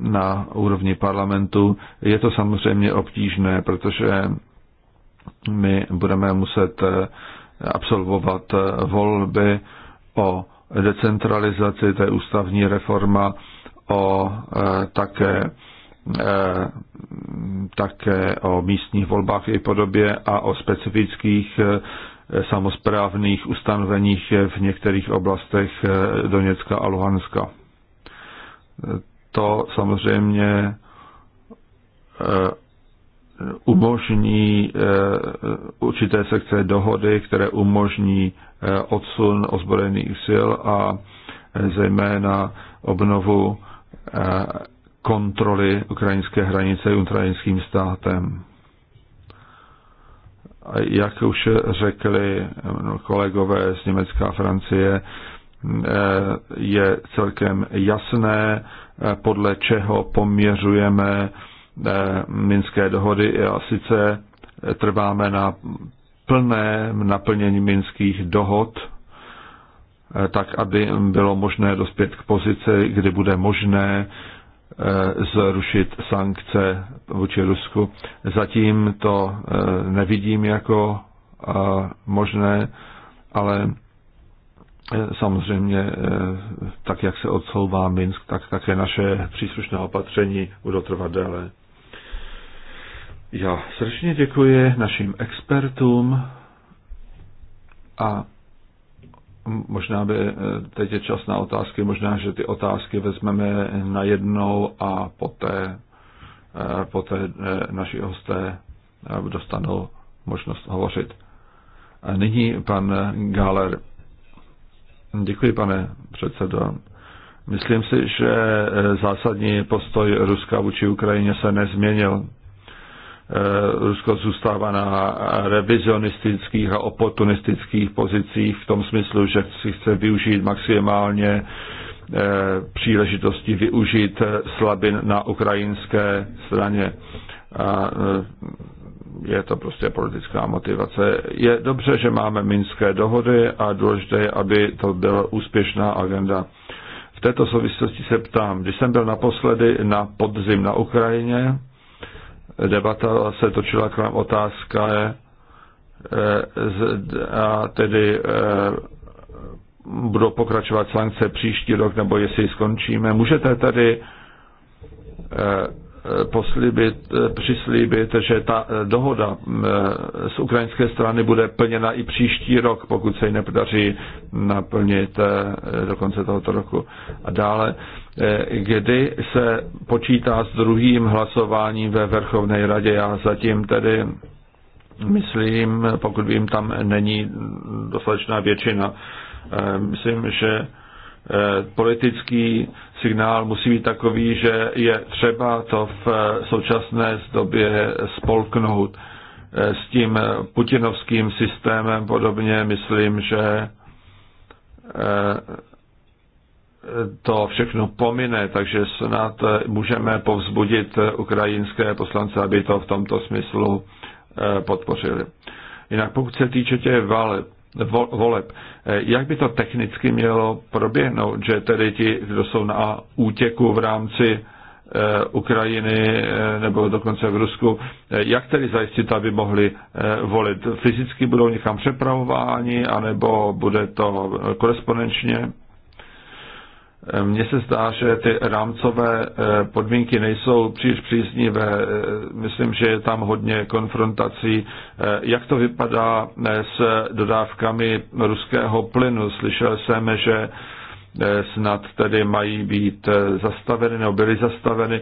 na úrovni parlamentu. Je to samozřejmě obtížné, protože my budeme muset eh, absolvovat eh, volby o decentralizaci, to je ústavní reforma, o eh, také také o místních volbách i podobě a o specifických samozprávných ustanoveních v některých oblastech Doněcka a Luhanska to samozřejmě eh, umožní eh, určité sekce dohody, které umožní eh, odsun ozbrojených sil a zejména obnovu kontroly ukrajinské hranice ukrajinským státem. Jak už řekli kolegové z Německa a Francie, je celkem jasné, podle čeho poměřujeme eh, minské dohody a sice trváme na plném naplnění minských dohod, eh, tak aby bylo možné dospět k pozici, kdy bude možné eh, zrušit sankce vůči Rusku. Zatím to nevidím jako možné, ale Eh, samozřejmě, eh, tak jak se odsouvá Minsk, tak také naše příslušné opatření budou trvat déle. Já srdečně děkuji našim expertům a možná by eh, teď je čas na otázky, možná, že ty otázky vezmeme na jednou a poté, poté naši hosté dostanou možnost hovořit. nyní pan Galer. Děkuji, pane předsedo. Myslím si, že e, zásadní postoj Ruska vůči Ukrajině se nezměnil. E, Rusko zůstává na revizionistických a oportunistických pozicích v tom smyslu, že si chce využít maximálně e, příležitosti využít slabin na ukrajinské straně. A je to prostě politická motivace. Je dobře, že máme minské dohody a důležité je, aby to byla úspěšná agenda. V této souvislosti se ptám, když jsem byl naposledy na podzim na Ukrajině, debata se točila k vám otázka, je, eh, a tedy eh, budou pokračovat sankce příští rok, nebo jestli skončíme. Můžete tady eh, poslíbit, přislíbit, že ta eh, dohoda eh, z ukrajinské strany bude plněna i příští rok, pokud se ji nepodaří naplnit eh, do konce tohoto roku. A dále, kdy se počítá s druhým hlasováním ve Verchovné radě. Já zatím tedy myslím, pokud vím, tam není dostatečná většina. Myslím, že politický signál musí být takový, že je třeba to v eh, současné době spolknout eh, s tím putinovským systémem podobně. Myslím, že eh, to všechno pomine, takže snad můžeme povzbudit ukrajinské poslance, aby to v tomto smyslu podpořili. Jinak pokud se týče těch valeb, voleb. Eh, jak by to technicky mělo proběhnout, že tedy ti, kdo jsou na útěku v rámci eh, Ukrajiny eh, nebo dokonce v Rusku, jak tedy zajistit, aby mohli volit? Fyzicky budou někam přepravováni, anebo bude to korespondenčně? Mně se zdá, že ty rámcové eh, podmínky nejsou příliš příznivé. Eh, myslím, že je tam hodně konfrontací. Eh, jak to vypadá s dodávkami ruského plynu? Slyšel jsem, že snad tedy mají být zastaveny nebo byly zastaveny.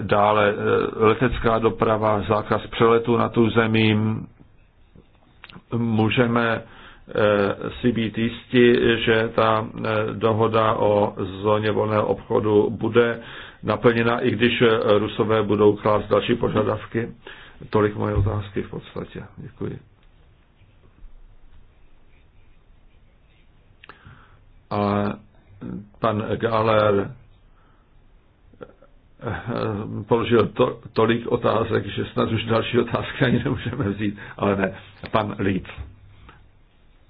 Dále letecká doprava, zákaz přeletů na tu zemí. Můžeme Eh, si být jistí, že ta eh, dohoda o zóně volného obchodu bude naplněna, i když eh, Rusové budou klást další požadavky. Tolik moje otázky v podstatě. Děkuji. Ale pan Galer položil to, tolik otázek, že snad už další otázky ani nemůžeme vzít, ale ne, pan Líc.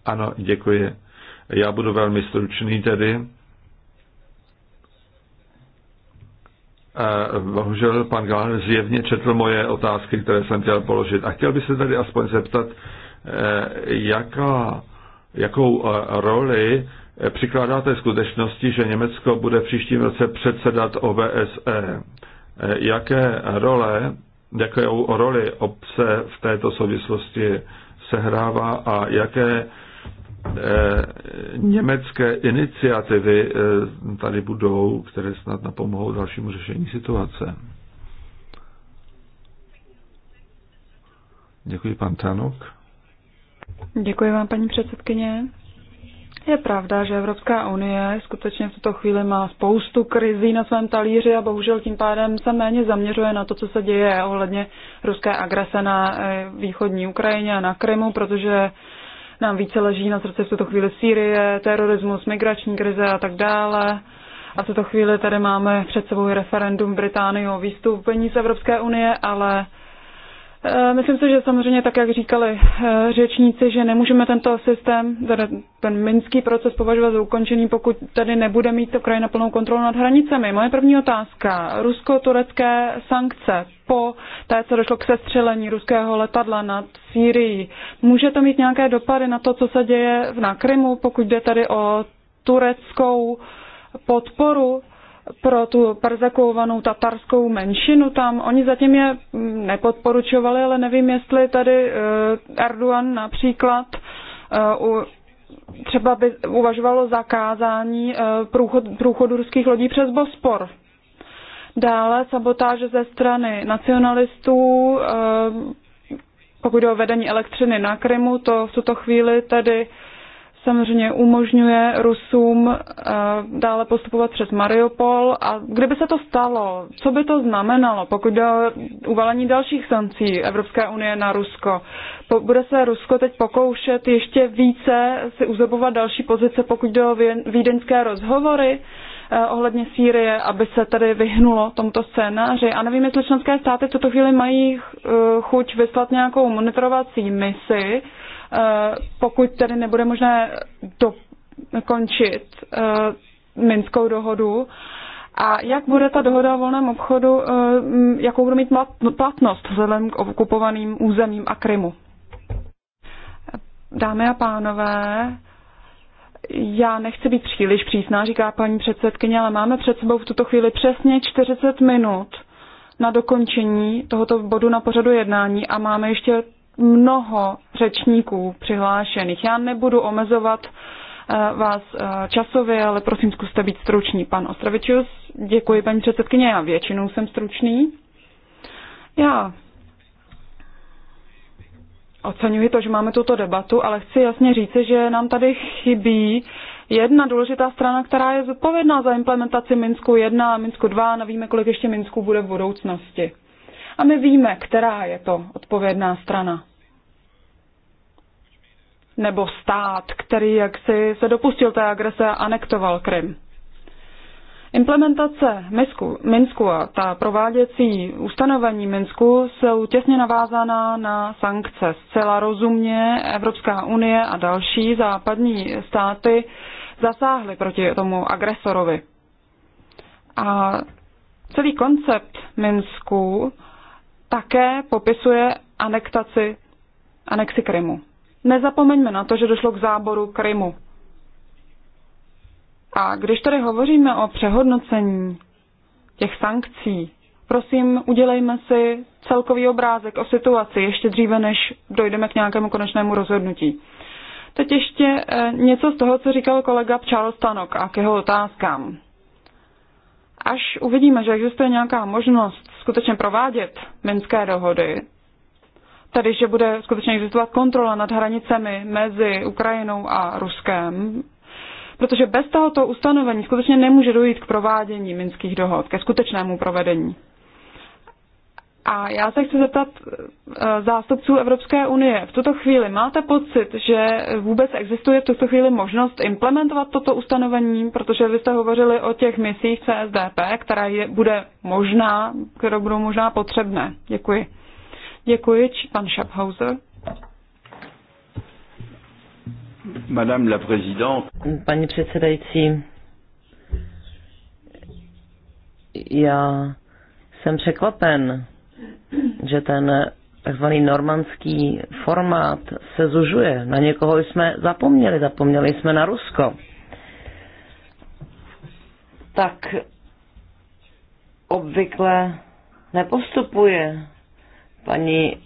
Ano, děkuji. Já budu velmi stručný tedy. Bohužel pan Gál zjevně četl moje otázky, které jsem chtěl položit. A chtěl bych se tady aspoň zeptat, eh, jaká, jakou eh, roli eh, přikládáte skutečnosti, že Německo bude v příštím roce předsedat OBSE. Jaké role, jakou roli obce v této souvislosti sehrává a jaké Eh, německé iniciativy eh, tady budou, které snad napomohou dalšímu řešení situace. Děkuji, pan Tanok. Děkuji vám, paní předsedkyně. Je pravda, že Evropská unie skutečně v tuto chvíli má spoustu krizí na svém talíři a bohužel tím pádem se méně zaměřuje na to, co se děje ohledně ruské agrese na eh, východní Ukrajině a na Krymu, protože nám více leží na srdce v tuto chvíli Sýrie, terorismus, migrační krize a tak dále. A v tuto chvíli tady máme před sebou referendum Británii o výstoupení z Evropské unie, ale Eh, myslím si, že samozřejmě tak, jak říkali eh, řečníci, že nemůžeme tento systém, ten minský proces považovat za ukončený, pokud tady nebude mít Ukrajina plnou kontrolu nad hranicemi. Moje první otázka. Rusko-turecké sankce po té, co došlo k sestřelení ruského letadla nad Sýrií. Může to mít nějaké dopady na to, co se děje na Krymu, pokud jde tady o tureckou podporu pro tu perzekovanou tatarskou menšinu tam. Oni zatím je mm, nepodporučovali, ale nevím, jestli tady eh, Erdogan například eh, třeba by uvažovalo zakázání eh, průchod, průchodu ruských lodí přes Bospor. Dále sabotáže ze strany nacionalistů, pokud jde o vedení elektřiny na Krymu, to v tuto chvíli tedy samozřejmě umožňuje Rusům eh, dále postupovat přes Mariupol. A kdyby se to stalo, co by to znamenalo, pokud jde o uvalení dalších sankcí Evropské unie na Rusko? Bude se Rusko teď pokoušet ještě více si uzobovat další pozice, pokud jde o vídeňské rozhovory? Eh, ohledně Sýrie, aby se tady vyhnulo tomto scénáři. A nevím, jestli členské státy v tuto chvíli mají eh, chuť vyslat nějakou monitorovací misi, Eh, pokud tedy nebude možné dokončit eh, Minskou dohodu. A jak bude ta dohoda o volném obchodu, eh, jakou bude mít platnost vzhledem k okupovaným územím a Krymu? Dámy a pánové, já nechci být příliš přísná, říká paní předsedkyně, ale máme před sebou v tuto chvíli přesně 40 minut na dokončení tohoto bodu na pořadu jednání a máme ještě mnoho řečníků přihlášených. Já nebudu omezovat eh, vás eh, časově, ale prosím, zkuste být stručný. Pan Ostravičus, děkuji paní předsedkyně, já většinou jsem stručný. Já oceňuji to, že máme tuto debatu, ale chci jasně říci, že nám tady chybí jedna důležitá strana, která je zodpovědná za implementaci Minsku 1 a Minsku 2 a nevíme, kolik ještě Minsků bude v budoucnosti a my víme, která je to odpovědná strana. Nebo stát, který jaksi se dopustil té agrese a anektoval Krym. Implementace Minsku, Minsku a ta prováděcí ustanovení Minsku jsou těsně navázaná na sankce. Zcela rozumně Evropská unie a další západní státy zasáhly proti tomu agresorovi. A celý koncept Minsku také popisuje anektaci, anexi Krymu. Nezapomeňme na to, že došlo k záboru Krymu. A když tady hovoříme o přehodnocení těch sankcí, prosím, udělejme si celkový obrázek o situaci ještě dříve, než dojdeme k nějakému konečnému rozhodnutí. Teď ještě eh, něco z toho, co říkal kolega Charles Tanok a k jeho otázkám až uvidíme, že existuje nějaká možnost skutečně provádět minské dohody, tedy že bude skutečně existovat kontrola nad hranicemi mezi Ukrajinou a Ruskem, protože bez tohoto ustanovení skutečně nemůže dojít k provádění minských dohod, ke skutečnému provedení. A já se chci zeptat eh, zástupců Evropské unie. V tuto chvíli máte pocit, že vůbec existuje v tuto chvíli možnost implementovat toto ustanovení, protože vy jste hovořili o těch misích CSDP, která je, bude možná, které budou možná potřebné. Děkuji. Děkuji, pan Schaphauser. Madame la présidente. Paní předsedající, já jsem překvapen že ten takzvaný normandský formát se zužuje. Na někoho jsme zapomněli, zapomněli jsme na Rusko. Tak obvykle nepostupuje paní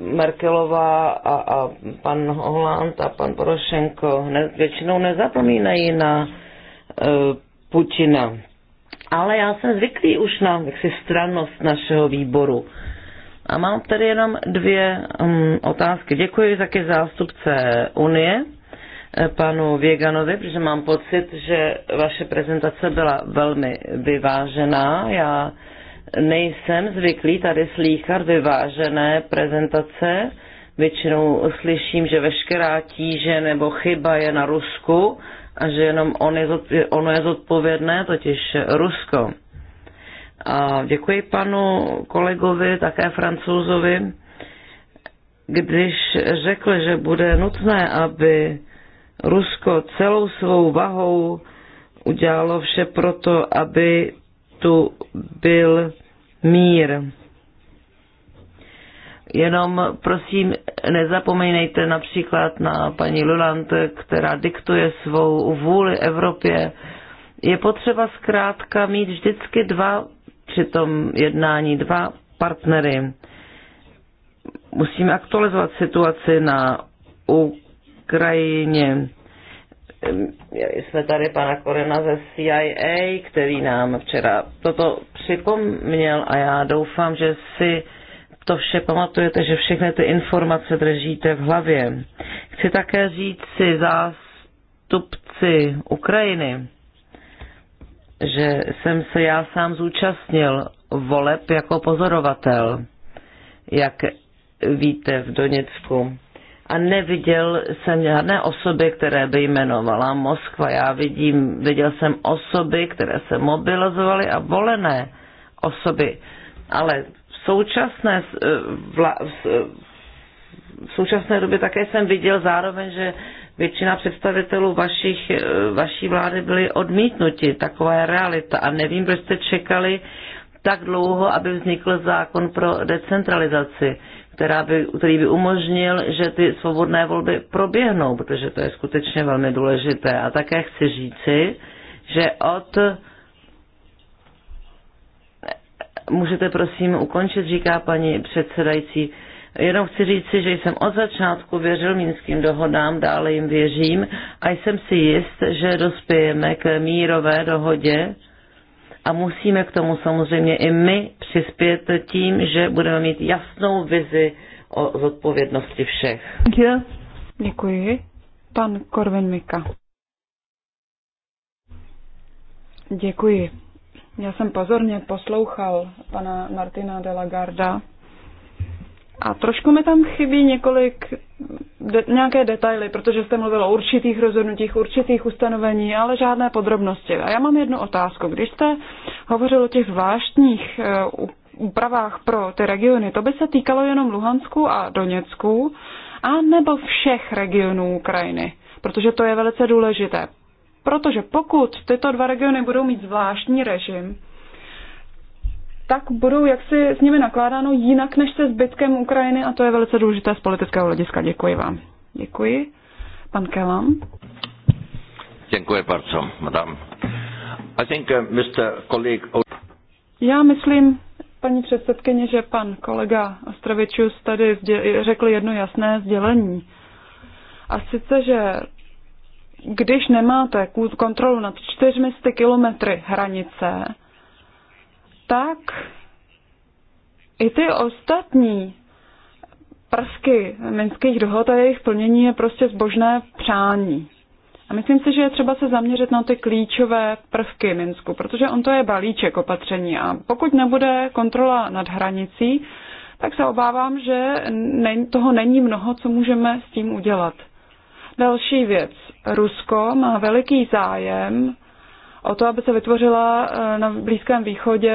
Merkelová a, a pan Holland a pan Porošenko. Ne, většinou nezapomínají na e, Putina ale já jsem zvyklý už na jaksi strannost našeho výboru. A mám tady jenom dvě um, otázky. Děkuji taky zástupce Unie, eh, panu Věganovi, protože mám pocit, že vaše prezentace byla velmi vyvážená. Já nejsem zvyklý tady slýchat vyvážené prezentace. Většinou slyším, že veškerá tíže nebo chyba je na Rusku a že jenom on je, ono je zodpovědné, totiž Rusko. A děkuji panu kolegovi, také francouzovi, když řekl, že bude nutné, aby Rusko celou svou vahou udělalo vše proto, aby tu byl mír. Jenom prosím, nezapomeňte například na paní Luland, která diktuje svou vůli Evropě. Je potřeba zkrátka mít vždycky dva při tom jednání, dva partnery. Musíme aktualizovat situaci na Ukrajině. Měli jsme tady pana Korena ze CIA, který nám včera toto připomněl a já doufám, že si to vše pamatujete, že všechny ty informace držíte v hlavě. Chci také říct si zástupci Ukrajiny, že jsem se já sám zúčastnil voleb jako pozorovatel, jak víte, v Doněcku. A neviděl jsem žádné osoby, které by jmenovala Moskva. Já vidím, viděl jsem osoby, které se mobilizovaly a volené osoby. Ale současné eh, vla, eh, v současné době také jsem viděl zároveň, že většina představitelů vašich, eh, vaší vlády byly odmítnuti. Taková je realita. A nevím, proč jste čekali tak dlouho, aby vznikl zákon pro decentralizaci, která by, který by umožnil, že ty svobodné volby proběhnou, protože to je skutečně velmi důležité. A také chci říci, že od Můžete prosím ukončit, říká paní předsedající. Jenom chci říci, že jsem od začátku věřil mínským dohodám, dále jim věřím a jsem si jist, že dospějeme k mírové dohodě a musíme k tomu samozřejmě i my přispět tím, že budeme mít jasnou vizi o zodpovědnosti všech. Děkuji. Pan Korvin Mika. Děkuji. Já jsem pozorně poslouchal pana Martina de la Garda a trošku mi tam chybí několik, de, nějaké detaily, protože jste mluvil o určitých rozhodnutích, určitých ustanovení, ale žádné podrobnosti. A já mám jednu otázku. Když jste hovořil o těch zvláštních eh, úpravách pro ty regiony, to by se týkalo jenom Luhansku a Doněcku, a nebo všech regionů Ukrajiny, protože to je velice důležité. Protože pokud tyto dva regiony budou mít zvláštní režim, tak budou jaksi s nimi nakládáno jinak než se zbytkem Ukrajiny a to je velice důležité z politického hlediska. Děkuji vám. Děkuji. Pan Kelam. Děkuji bardzo, madam. I think, uh, Mr. Colleague... Já myslím, paní předsedkyně, že pan kolega Ostrovičus tady řekl jedno jasné sdělení. A sice, že když nemáte kontrolu nad 400 kilometry hranice, tak i ty ostatní prsky minských dohod a jejich plnění je prostě zbožné přání. A myslím si, že je třeba se zaměřit na ty klíčové prvky Minsku, protože on to je balíček opatření a pokud nebude kontrola nad hranicí, tak se obávám, že toho není mnoho, co můžeme s tím udělat. Další věc. Rusko má veliký zájem o to, aby se vytvořila eh, na Blízkém východě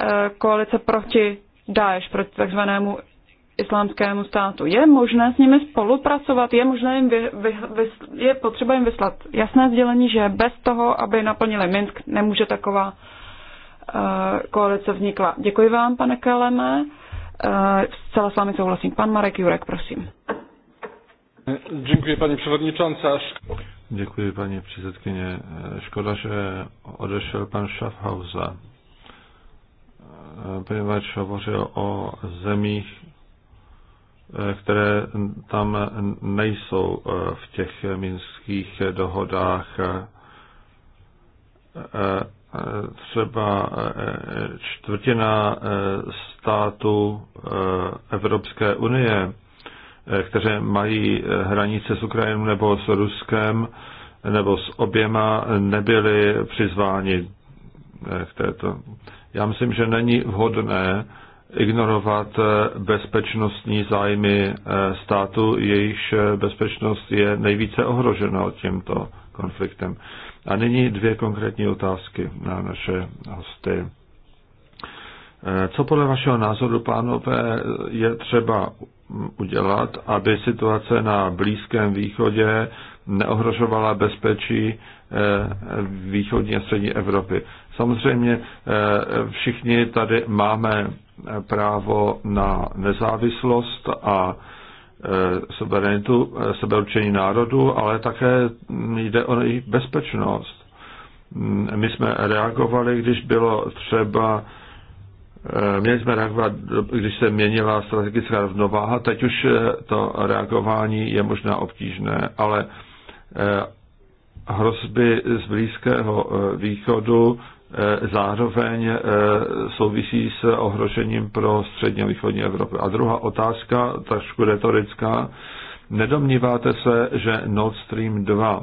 eh, koalice proti Daesh, proti takzvanému islámskému státu. Je možné s nimi spolupracovat, je, možné jim vy, vy, vy, je potřeba jim vyslat jasné sdělení, že bez toho, aby naplnili Minsk, nemůže taková eh, koalice vznikla. Děkuji vám, pane Keleme. zcela s vámi souhlasím. Pan Marek Jurek, prosím. Děkuji, paní předsedkyně. Děkuji, pani předsedkyně. Škoda, že odeszedł pan Schaffhauser, ponieważ hovořil o zemích, které tam nejsou v těch mińskich dohodách. Třeba čtvrtina státu Evropské unie Eh, které mají eh, hranice s Ukrajinou nebo s Ruskem nebo s oběma, eh, nebyly přizváni k této. Já myslím, že není vhodné ignorovat bezpečnostní zájmy státu, jejichž bezpečnost je nejvíce ohrožena tímto konfliktem. A nyní dvě konkrétní otázky na naše hosty. Eh, co podle vašeho názoru, pánové, je třeba mm, udělat, aby situace na Blízkém východě neohrožovala bezpečí eh, východní a střední Evropy? Samozřejmě eh, všichni tady máme právo na nezávislost a suverenitu, sebeurčení národu, ale také mm, jde o jejich bezpečnost. Mm, my jsme reagovali, když bylo třeba Eh, měli jsme reagovat, když se měnila strategická rovnováha, teď už eh, to reagování je možná obtížné, ale eh, hrozby z Blízkého východu zároveň souvisí s ohrožením pro střední a východní Evropy. A druhá otázka, trošku retorická. Nedomníváte se, že Nord Stream 2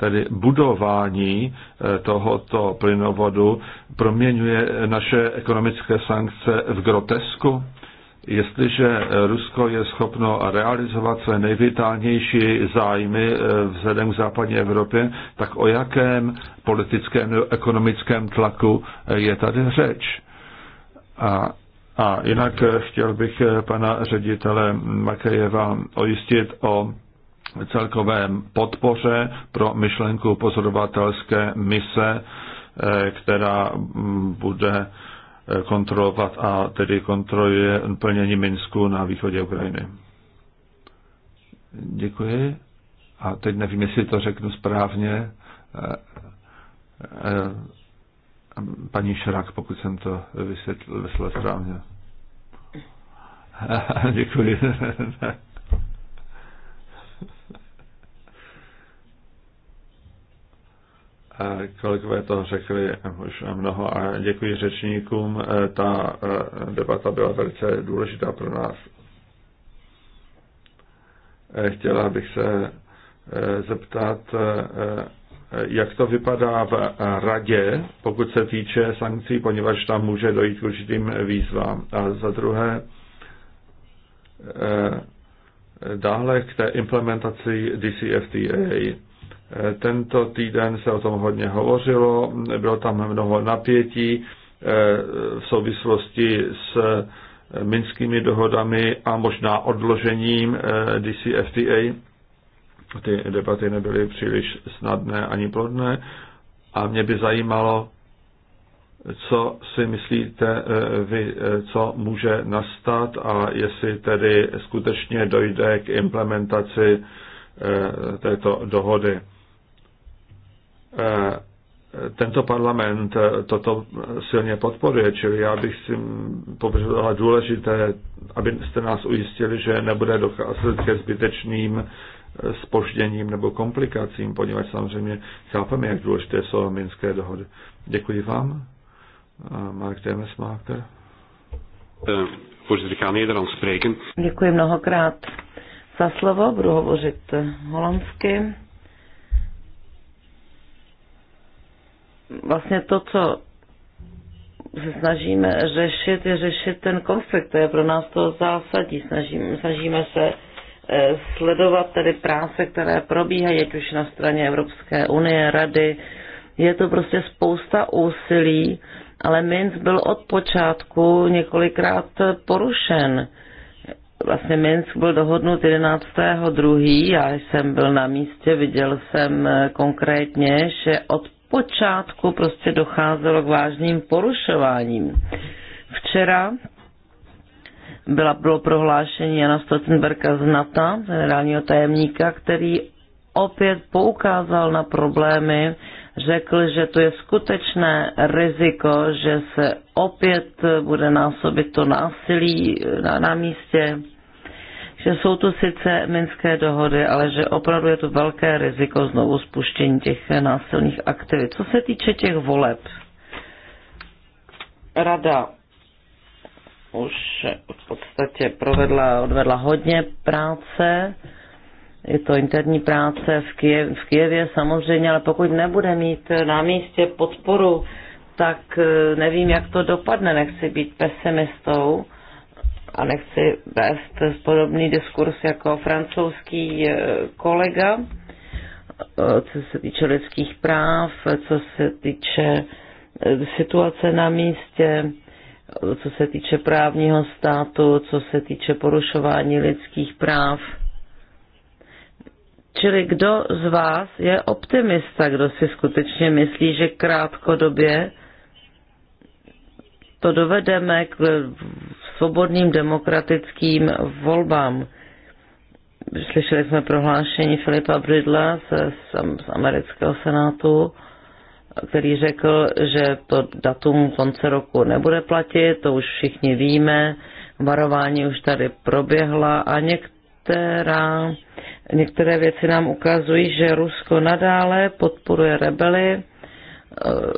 tedy budování eh, tohoto plynovodu proměňuje naše ekonomické sankce v grotesku? Jestliže Rusko je schopno realizovat své nejvitálnější zájmy eh, vzhledem k západní Evropě, tak o jakém politickém nebo ekonomickém tlaku eh, je tady řeč? A a jinak chtěl bych pana ředitele Makejeva ojistit o celkové podpoře pro myšlenku pozorovatelské mise, eh, která mm, bude eh, kontrolovat a tedy kontroluje plnění Minsku na východě Ukrajiny. Děkuji. A teď nevím, jestli to řeknu správně. Eh, paní Šrak, pokud jsem to vysvětlil, vysvětlil správně. Děkuji. Kolegové to řekli už mnoho a děkuji řečníkům. E, ta e, debata byla velice důležitá pro nás. E, chtěla bych se zeptat, jak to vypadá v radě, pokud se týče sankcí, poněvadž tam může dojít k určitým výzvám. A za druhé, Dále k té implementaci DCFTA. Tento týden se o tom hodně hovořilo, bylo tam mnoho napětí eh, v souvislosti s eh, minskými dohodami a možná odložením eh, DCFTA. Ty debaty nebyly příliš snadné ani plodné a mě by zajímalo, co si myslíte eh, vy, eh, co může nastat a jestli tedy skutečně dojde k implementaci eh, této dohody. Tento parlament toto silně podporuje, čili já bych si považovala důležité, abyste nás ujistili, že nebude docházet ke zbytečným spožděním nebo komplikacím, poněvadž samozřejmě chápeme, jak důležité jsou minské dohody. Děkuji vám. Mark Demesmaker. Eh, voorzitter, ik ga Nederlands spreken. Děkuji mnohokrát za slovo, budu hovořit holandsky. Vlastně to, co se snažíme řešit, je řešit ten konflikt, to je pro nás to zásadní. Snažíme, snažíme se eh, sledovat tedy práce, které probíhají, ať už na straně Evropské unie, rady. Je to prostě spousta úsilí, ale Minsk byl od počátku několikrát porušen. Vlastně Minsk byl dohodnut 11.2. Já jsem byl na místě, viděl jsem konkrétně, že od počátku prostě docházelo k vážným porušováním. Včera byla, bylo prohlášení Jana Stoltenberga z NATO, generálního tajemníka, který opět poukázal na problémy, řekl, že to je skutečné riziko, že se opět bude násobit to násilí na, na místě, že jsou tu sice minské dohody, ale že opravdu je to velké riziko znovu spuštění těch násilných aktivit. Co se týče těch voleb, rada už v podstatě provedla, odvedla hodně práce, je to interní práce v, Kiev, v Kijevě samozřejmě, ale pokud nebude mít na místě podporu, tak e, nevím, jak to dopadne. Nechci být pesimistou a nechci vést podobný diskurs jako francouzský e, kolega, e, co se týče lidských práv, co se týče situace na místě, co se týče právního státu, co se týče porušování lidských práv – Čili kdo z vás je optimista, kdo si skutečně myslí, že krátkodobě to dovedeme k svobodným demokratickým volbám. Slyšeli jsme prohlášení Filipa Bridla z, z amerického senátu, který řekl, že to datum konce roku nebude platit, to už všichni víme, varování už tady proběhla a něk- některá, některé věci nám ukazují, že Rusko nadále podporuje rebely. Eh,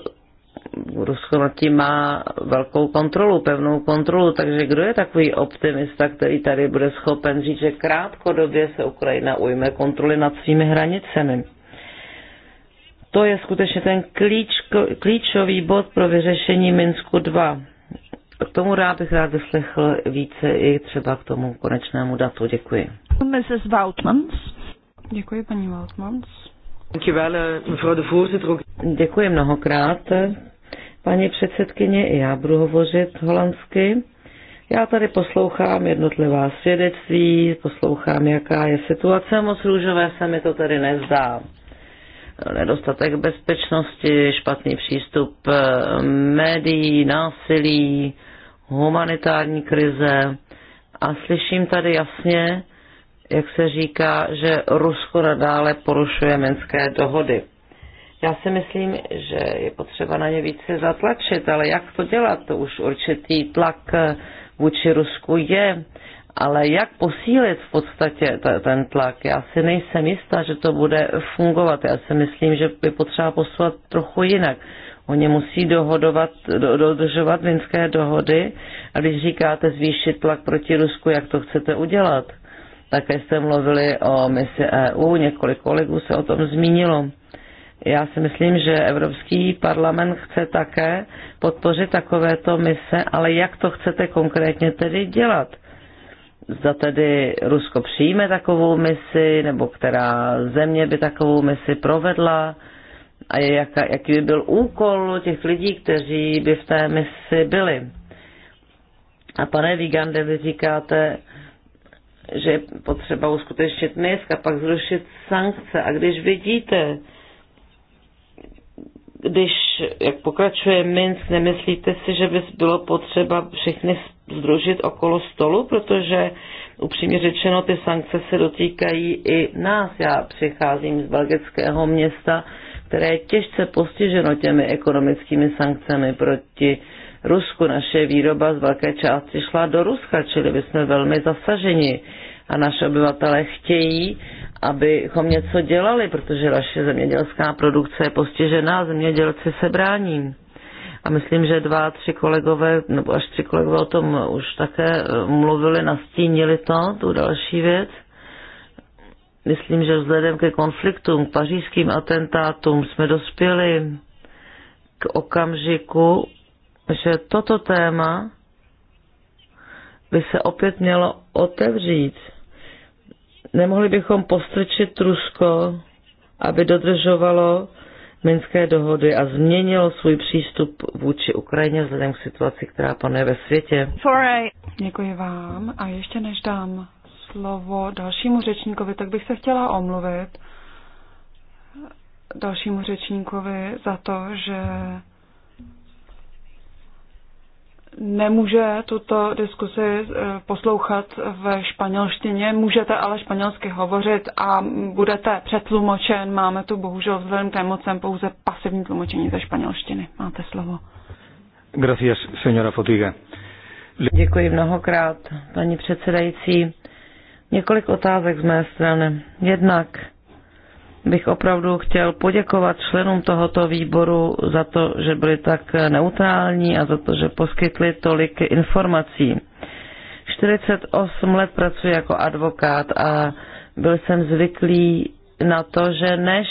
Rusko nad tím má velkou kontrolu, pevnou kontrolu, takže kdo je takový optimista, který tady bude schopen říct, že krátkodobě se Ukrajina ujme kontroly nad svými hranicemi? To je skutečně ten klíč, klíčový bod pro vyřešení Minsku 2. K tomu rád bych rád vyslechl více i třeba k tomu konečnému datu. Děkuji. Mrs. Woutmans. Děkuji, paní Woutmans. Děkuji mnohokrát. Paní předsedkyně, i já budu hovořit holandsky. Já tady poslouchám jednotlivá svědectví, poslouchám, jaká je situace. Moc růžové se mi to tady nezdá. Nedostatek bezpečnosti, špatný přístup eh, médií, násilí, humanitární krize a slyším tady jasně, jak se říká, že Rusko nadále porušuje minské dohody. Já si myslím, že je potřeba na ně více zatlačit, ale jak to dělat? To už určitý tlak eh, vůči Rusku je, ale jak posílit v podstatě ten tlak? Já si nejsem jistá, že to bude fungovat. Já si myslím, že by potřeba poslat trochu jinak. Oni musí dohodovat, dodržovat vinské dohody a když říkáte zvýšit tlak proti Rusku, jak to chcete udělat? Také jste mluvili o misi EU, několik kolegů se o tom zmínilo. Já si myslím, že Evropský parlament chce také podpořit takovéto mise, ale jak to chcete konkrétně tedy dělat? Zda tedy Rusko přijme takovou misi, nebo která země by takovou misi provedla? a jak, jaký by byl úkol těch lidí, kteří by v té misi byli. A pane Vigande, vy říkáte, že je potřeba uskutečnit misk a pak zrušit sankce. A když vidíte, když, jak pokračuje Minsk, nemyslíte si, že by bylo potřeba všechny združit okolo stolu, protože upřímně řečeno ty sankce se dotýkají i nás. Já přicházím z belgického města, které je těžce postiženo těmi ekonomickými sankcemi proti Rusku. Naše výroba z velké části šla do Ruska, čili my jsme velmi zasaženi a naše obyvatele chtějí, abychom něco dělali, protože naše zemědělská produkce je postižená a zemědělci se brání. A myslím, že dva, tři kolegové, nebo až tři kolegové o tom už také eh, mluvili, nastínili to, tu další věc. Myslím, že vzhledem ke konfliktům, k pařížským atentátům jsme dospěli k okamžiku, že toto téma by se opět mělo otevřít. Nemohli bychom postrčit Rusko, aby dodržovalo Minské dohody a změnilo svůj přístup vůči Ukrajině vzhledem k situaci, která panuje ve světě. Děkuji vám a ještě než dám slovo dalšímu řečníkovi, tak bych se chtěla omluvit dalšímu řečníkovi za to, že nemůže tuto diskusi eh, poslouchat ve španělštině. Můžete ale španělsky hovořit a budete přetlumočen. Máme tu bohužel vzhledem k emocem pouze pasivní tlumočení ze španělštiny. Máte slovo. Gracias, señora Fotiga. Děkuji mnohokrát, paní předsedající. Několik otázek z mé strany. Jednak bych opravdu chtěl poděkovat členům tohoto výboru za to, že byli tak neutrální a za to, že poskytli tolik informací. 48 let pracuji jako advokát a byl jsem zvyklý na to, že než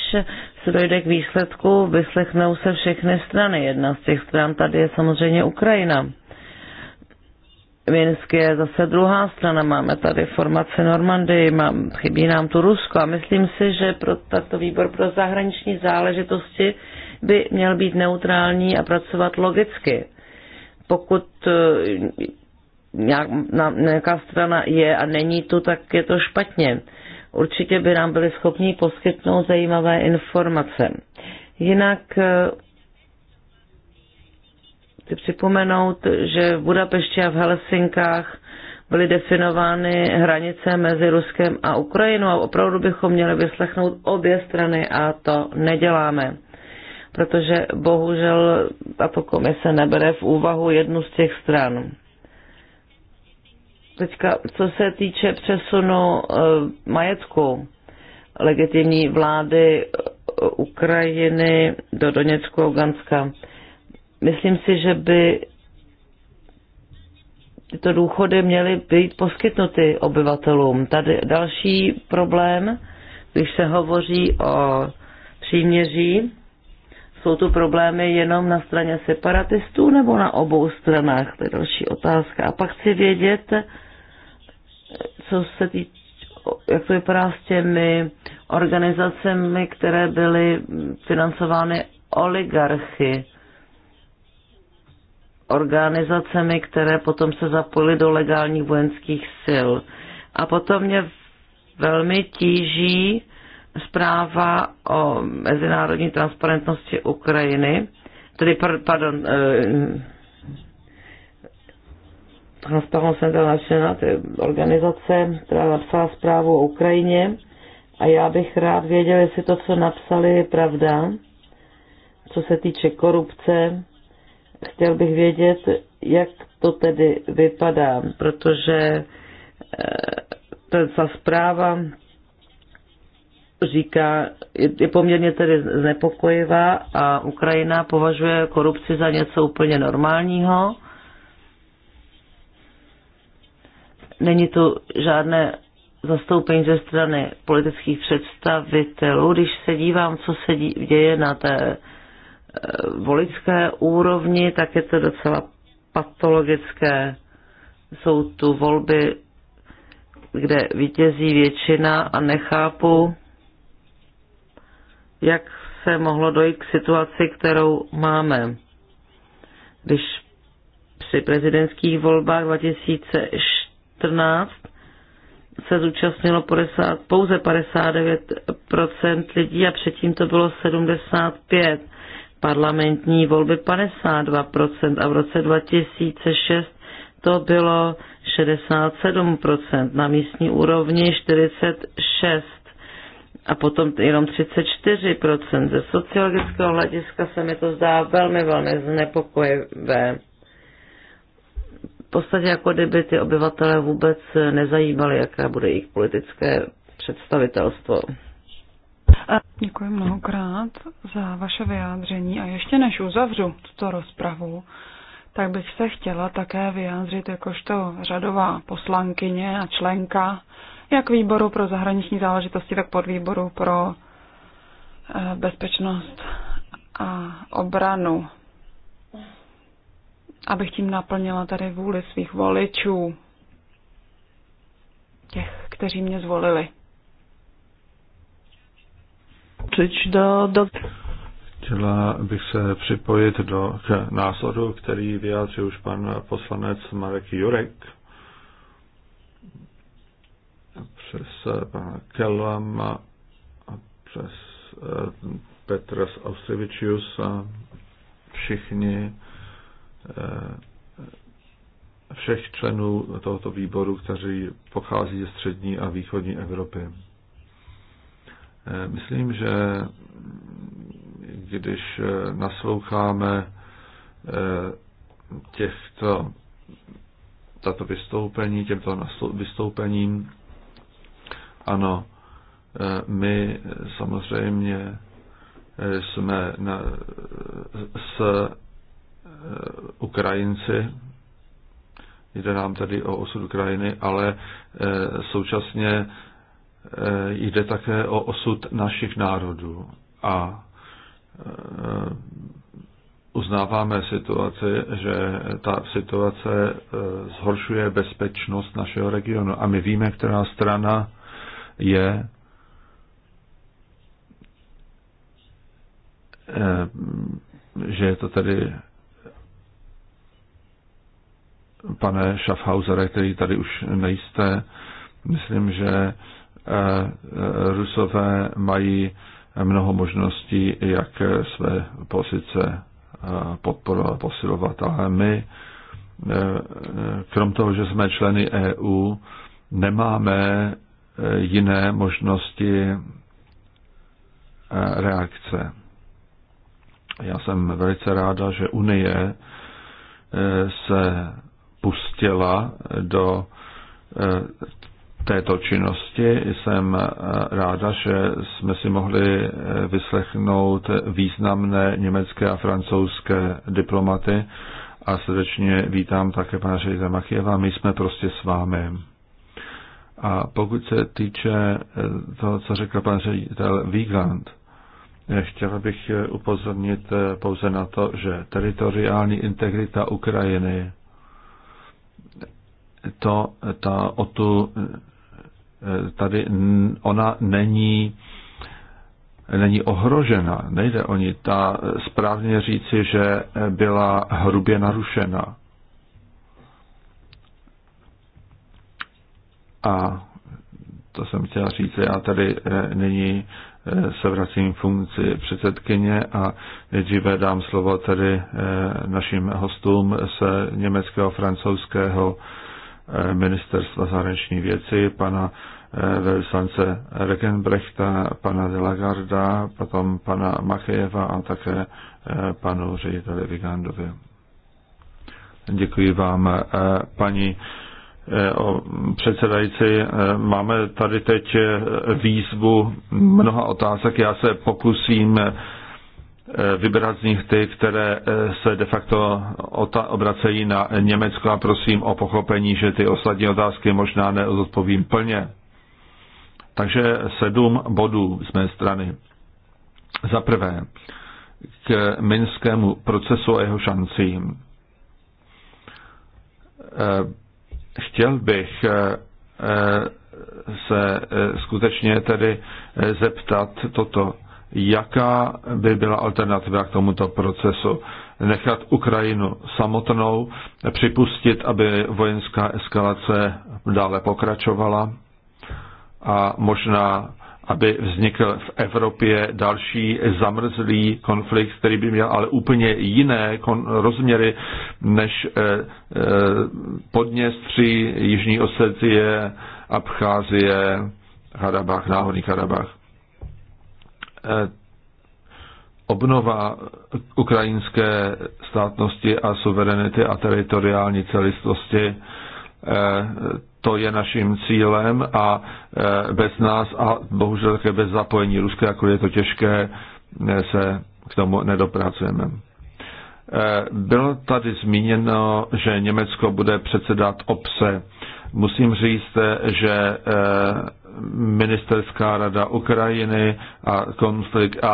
se dojde k výsledku, vyslechnou se všechny strany. Jedna z těch stran tady je samozřejmě Ukrajina. Minsk je zase druhá strana, máme tady formace Normandy, mám, chybí nám tu Rusko a myslím si, že pro tato výbor pro zahraniční záležitosti by měl být neutrální a pracovat logicky. Pokud eh, nějaká strana je a není tu, tak je to špatně. Určitě by nám byli schopni poskytnout zajímavé informace. Jinak eh, chci připomenout, že v Budapešti a v Helsinkách byly definovány hranice mezi Ruskem a Ukrajinou a opravdu bychom měli vyslechnout obě strany a to neděláme. Protože bohužel tato komise nebere v úvahu jednu z těch stran. Teďka, co se týče přesunu e, majetku legitimní vlády eh, Ukrajiny do Doněcku a Uganska, Myslím si, že by tyto důchody měly být poskytnuty obyvatelům. Tady další problém, když se hovoří o příměří, jsou tu problémy jenom na straně separatistů nebo na obou stranách? To je další otázka. A pak chci vědět, co se týče, jak to vypadá s těmi organizacemi, které byly financovány oligarchy organizacemi, které potom se zapojily do legálních vojenských sil. A potom mě velmi tíží zpráva o mezinárodní transparentnosti Ukrajiny, tedy, pardon, eh, Transparence International, eh, to je organizace, která napsala zprávu o Ukrajině a já bych rád věděl, jestli to, co napsali, je pravda, co se týče korupce, chtěl bych vědět, jak to tedy vypadá, protože eh, ten, ta zpráva říká, je poměrně tedy znepokojivá a Ukrajina považuje korupci za něco úplně normálního. Není tu žádné zastoupení ze strany politických představitelů. Když se dívám, co se děje na té Eh, voličské úrovni, tak je to docela patologické. Jsou tu volby, kde vítězí většina a nechápu, jak se mohlo dojít k situaci, kterou máme. Když při prezidentských volbách 2014 se zúčastnilo 50, pouze 59% lidí a předtím to bylo 75% parlamentní volby 52% a v roce 2006 to bylo 67%, na místní úrovni 46% a potom jenom 34%. Ze sociologického hlediska se mi to zdá velmi, velmi znepokojivé. V podstatě jako kdyby ty obyvatele vůbec nezajímaly, jaká bude jejich politické představitelstvo. Děkuji mnohokrát za vaše vyjádření a ještě než uzavřu tuto rozpravu, tak bych se chtěla také vyjádřit jakožto řadová poslankyně a členka jak výboru pro zahraniční záležitosti, tak podvýboru pro eh, bezpečnost a obranu. Abych tím naplnila tady vůli svých voličů, těch, kteří mě zvolili dołączyć do, do... Chtěla bych se připojit do, k názoru, který vyjádřil už pan poslanec Marek Jurek přes eh, pana Kellama a přes eh, Petras Austrivičius a všichni eh, všech členů tohoto výboru, kteří pochází ze střední a východní Evropy. Myslím, že když nasloucháme eh, těchto tato vystoupení, těmto vystoupením, ano, eh, my samozřejmě eh, jsme na, s Ukrajinci, jde nám tedy o osud Ukrajiny, ale současně Eh, jde také o osud našich národů a eh, uznáváme situaci, že ta situace eh, zhoršuje bezpečnost našeho regionu a my víme, která strana je že je to tedy pane Schaffhausere, který tady už nejste, myslím, že Eh, eh, Rusové mají mnoho možností, jak své pozice eh, podporovat, posilovat, ale my, krom toho, že jsme členy EU, nemáme jiné možnosti reakce. Já jsem velice ráda, že Unie se pustila do této činnosti. Jsem eh, ráda, že jsme si mohli eh, vyslechnout významné německé a francouzské diplomaty a srdečně vítám také pana ředitele Machieva. My jsme prostě s vámi. A pokud se týče eh, toho, co řekl pan ředitel Wiegand, chtěl bych upozornit pouze na to, že teritoriální integrita Ukrajiny to ta, o tu tady ona není není ohrožena. Nejde o ní ta správně říci, že byla hrubě narušena. A to jsem chtěl říct, já tady eh, nyní eh, se vracím funkci předsedkyně a nejdříve dám slovo tedy eh, našim hostům z německého, francouzského ministerstva zahraniční věci, pana eh, velsance Regenbrechta, pana Delagarda, potom pana Machejeva a také eh, panu řediteli Vigandovi. Děkuji vám, eh, paní předsedající. Máme tady teď výzvu mnoha otázek. Já se pokusím Eh, vybrat z nich ty, které eh, se de facto obracejí na Německo a prosím o pochopení, že ty ostatní otázky možná neodpovím plně. Takže sedm bodů z mé strany. Za prvé, k minskému procesu a jeho šancím. Eh, chtěl bych se skutečně tedy zeptat toto jaká by byla alternativa k tomuto procesu. Nechat Ukrajinu samotnou, připustit, aby vojenská eskalace dále pokračovala a možná, aby vznikl v Evropě další zamrzlý konflikt, který by měl ale úplně jiné rozměry než eh, eh, Podněstří, Jižní Osetie, Abcházie, Karabach, Náhorní Karabach. Eh, obnova ukrajinské státnosti a suverenity a teritoriální celistvosti, eh, to je naším cílem a eh, bez nás a bohužel také bez zapojení Ruska, jako je to těžké, se k tomu nedopracujeme. Bylo tady zmíněno, že Německo bude předsedat obse. Musím říct, že ministerská rada Ukrajiny a konflikt e,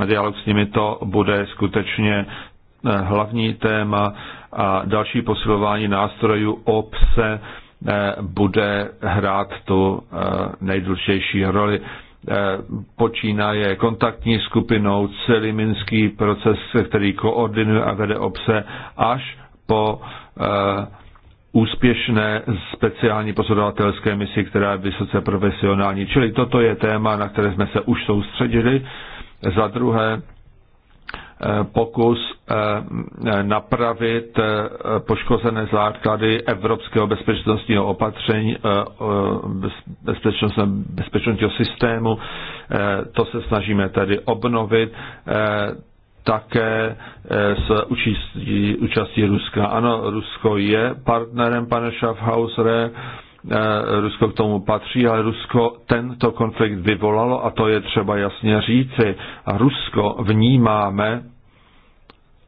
a dialog s nimi to bude skutečně e, hlavní téma a další posilování nástrojů obse e, bude hrát tu nejdůležitější roli. Počínaje kontaktní skupinou celý minský proces, který koordinuje a vede obse až po úspěšné speciální pozorovatelské misi, která je vysoce profesionální. Čili toto je téma, na které jsme se už soustředili. Za druhé, eh, pokus eh, napravit eh, poškozené základy evropského bezpečnostního opatření, bezpečnostního systému. To se snažíme tady obnovit také eh, s účastí, účastí Ruska. Ano, Rusko je partnerem pana Schaffhausere, eh, Rusko k tomu patří, ale Rusko tento konflikt vyvolalo a to je třeba jasně říci. A Rusko vnímáme,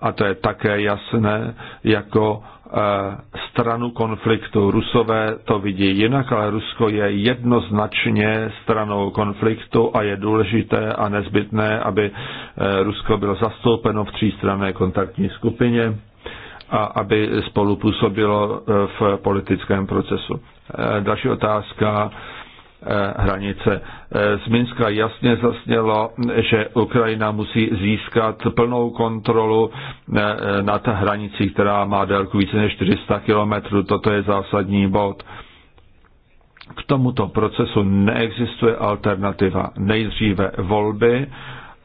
a to je také jasné, jako Eh, stranu konfliktu. Rusové to vidí jinak, ale Rusko je jednoznačně stranou konfliktu a je důležité a nezbytné, aby eh, Rusko bylo zastoupeno v třístranné kontaktní skupině a aby spolupůsobilo eh, v politickém procesu. Další otázka Eh, hranice. Eh, z Minska jasně zasnělo, že Ukrajina musí získat plnou kontrolu eh, nad hranicí, která má délku více než 400 kilometrů. Toto je zásadní bod. K tomuto procesu neexistuje alternativa. Nejdříve volby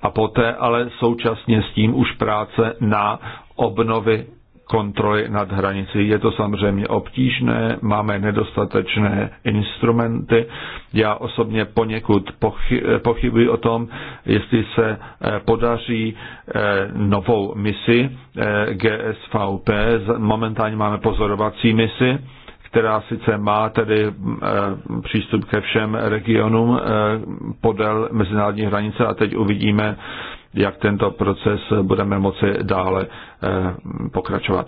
a poté ale současně s tím už práce na obnovy kontroly nad hranicí. Je to samozřejmě obtížné, máme nedostatečné instrumenty. Já osobně poněkud pochybuji o tom, jestli se eh, podaří eh, novou misi eh, GSVP. Momentálně máme pozorovací misi která sice má tedy přístup ke všem regionům podél mezinárodní hranice a teď uvidíme, jak tento proces budeme moci dále eh, pokračovat.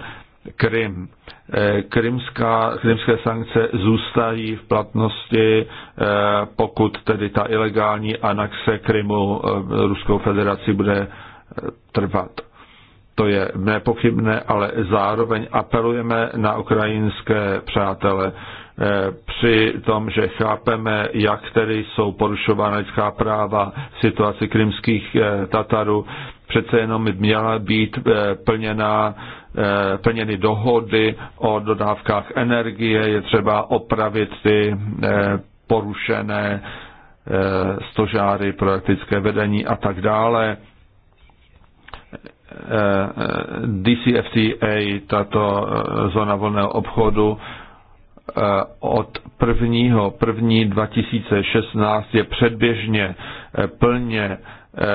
Krym. Eh, krymská, krymské sankce zůstají v platnosti, eh, pokud tedy ta ilegální anexe Krymu Ruskou federací bude trvat. To je nepochybné, ale zároveň apelujeme na ukrajinské přátele, Eh, při tom, že chápeme, jak tedy jsou porušována lidská práva v situaci krymských eh, Tatarů, přece jenom měla být eh, plněna, plněny dohody o dodávkách energie, je třeba opravit ty porušené stožáry pro praktické vedení a tak dále. DCFTA, tato zóna volného obchodu, Eh, od 1. 1. 2016 je předběžně eh, plně eh,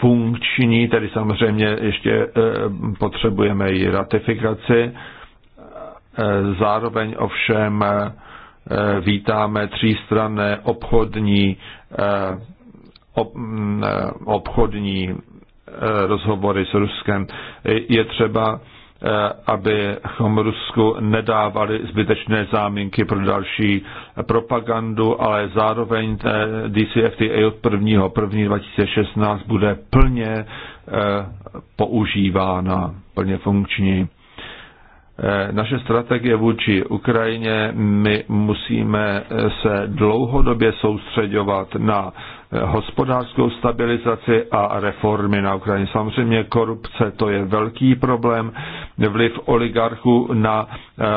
funkční, tedy samozřejmě ještě potřebujeme i ratifikaci. Zároveň ovšem vítáme třístranné obchodní, mm, obchodní rozhovory s Ruskem. Je třeba Eh, abychom Rusku nedávali zbytečné záminky pro další propagandu, ale zároveň eh, DCFTA od 1.1.2016 2016 bude plně eh, používána, plně funkční. Eh, naše strategie vůči Ukrajině, my musíme eh, se dlouhodobě soustředovat na eh, hospodářskou stabilizaci a reformy na Ukrajině. Samozřejmě korupce to je velký problém, vliv oligarchů na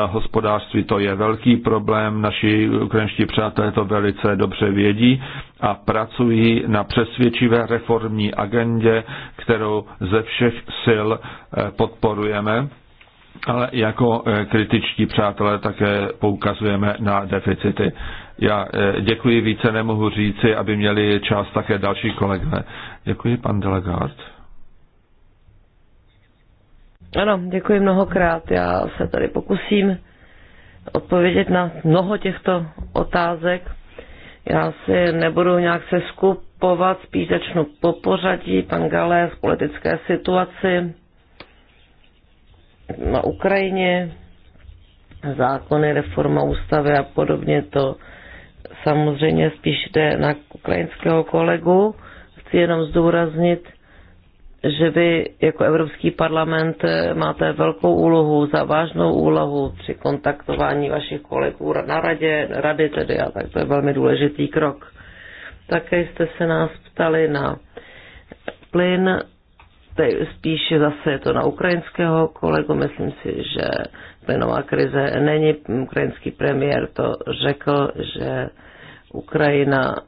hospodářství to je velký problém, naši ukrajinští přátelé to velice dobře vědí a pracují na přesvědčivé reformní agendě, kterou ze všech sil podporujeme ale jako eh, kritičtí přátelé také poukazujeme na deficity. Já eh, děkuji, více nemohu říci, aby měli čas také další kolegové. Děkuji, pan delegát. Ano, děkuji mnohokrát. Já se tady pokusím odpovědět na mnoho těchto otázek. Já si nebudu nějak se skupovat, spíš začnu po pořadí, pan Galé, z politické situaci, na Ukrajině, zákony, reforma ústavy a podobně, to samozřejmě spíš jde na ukrajinského kolegu. Chci jenom zdůraznit, že vy jako Evropský parlament máte velkou úlohu, vážnou úlohu při kontaktování vašich kolegů na radě, rady tedy, a tak to je velmi důležitý krok. Také jste se nás ptali na plyn spíše zase je to na ukrajinského kolegu. Myslím si, že plynová krize není. Ukrajinský premiér to řekl, že Ukrajina eh,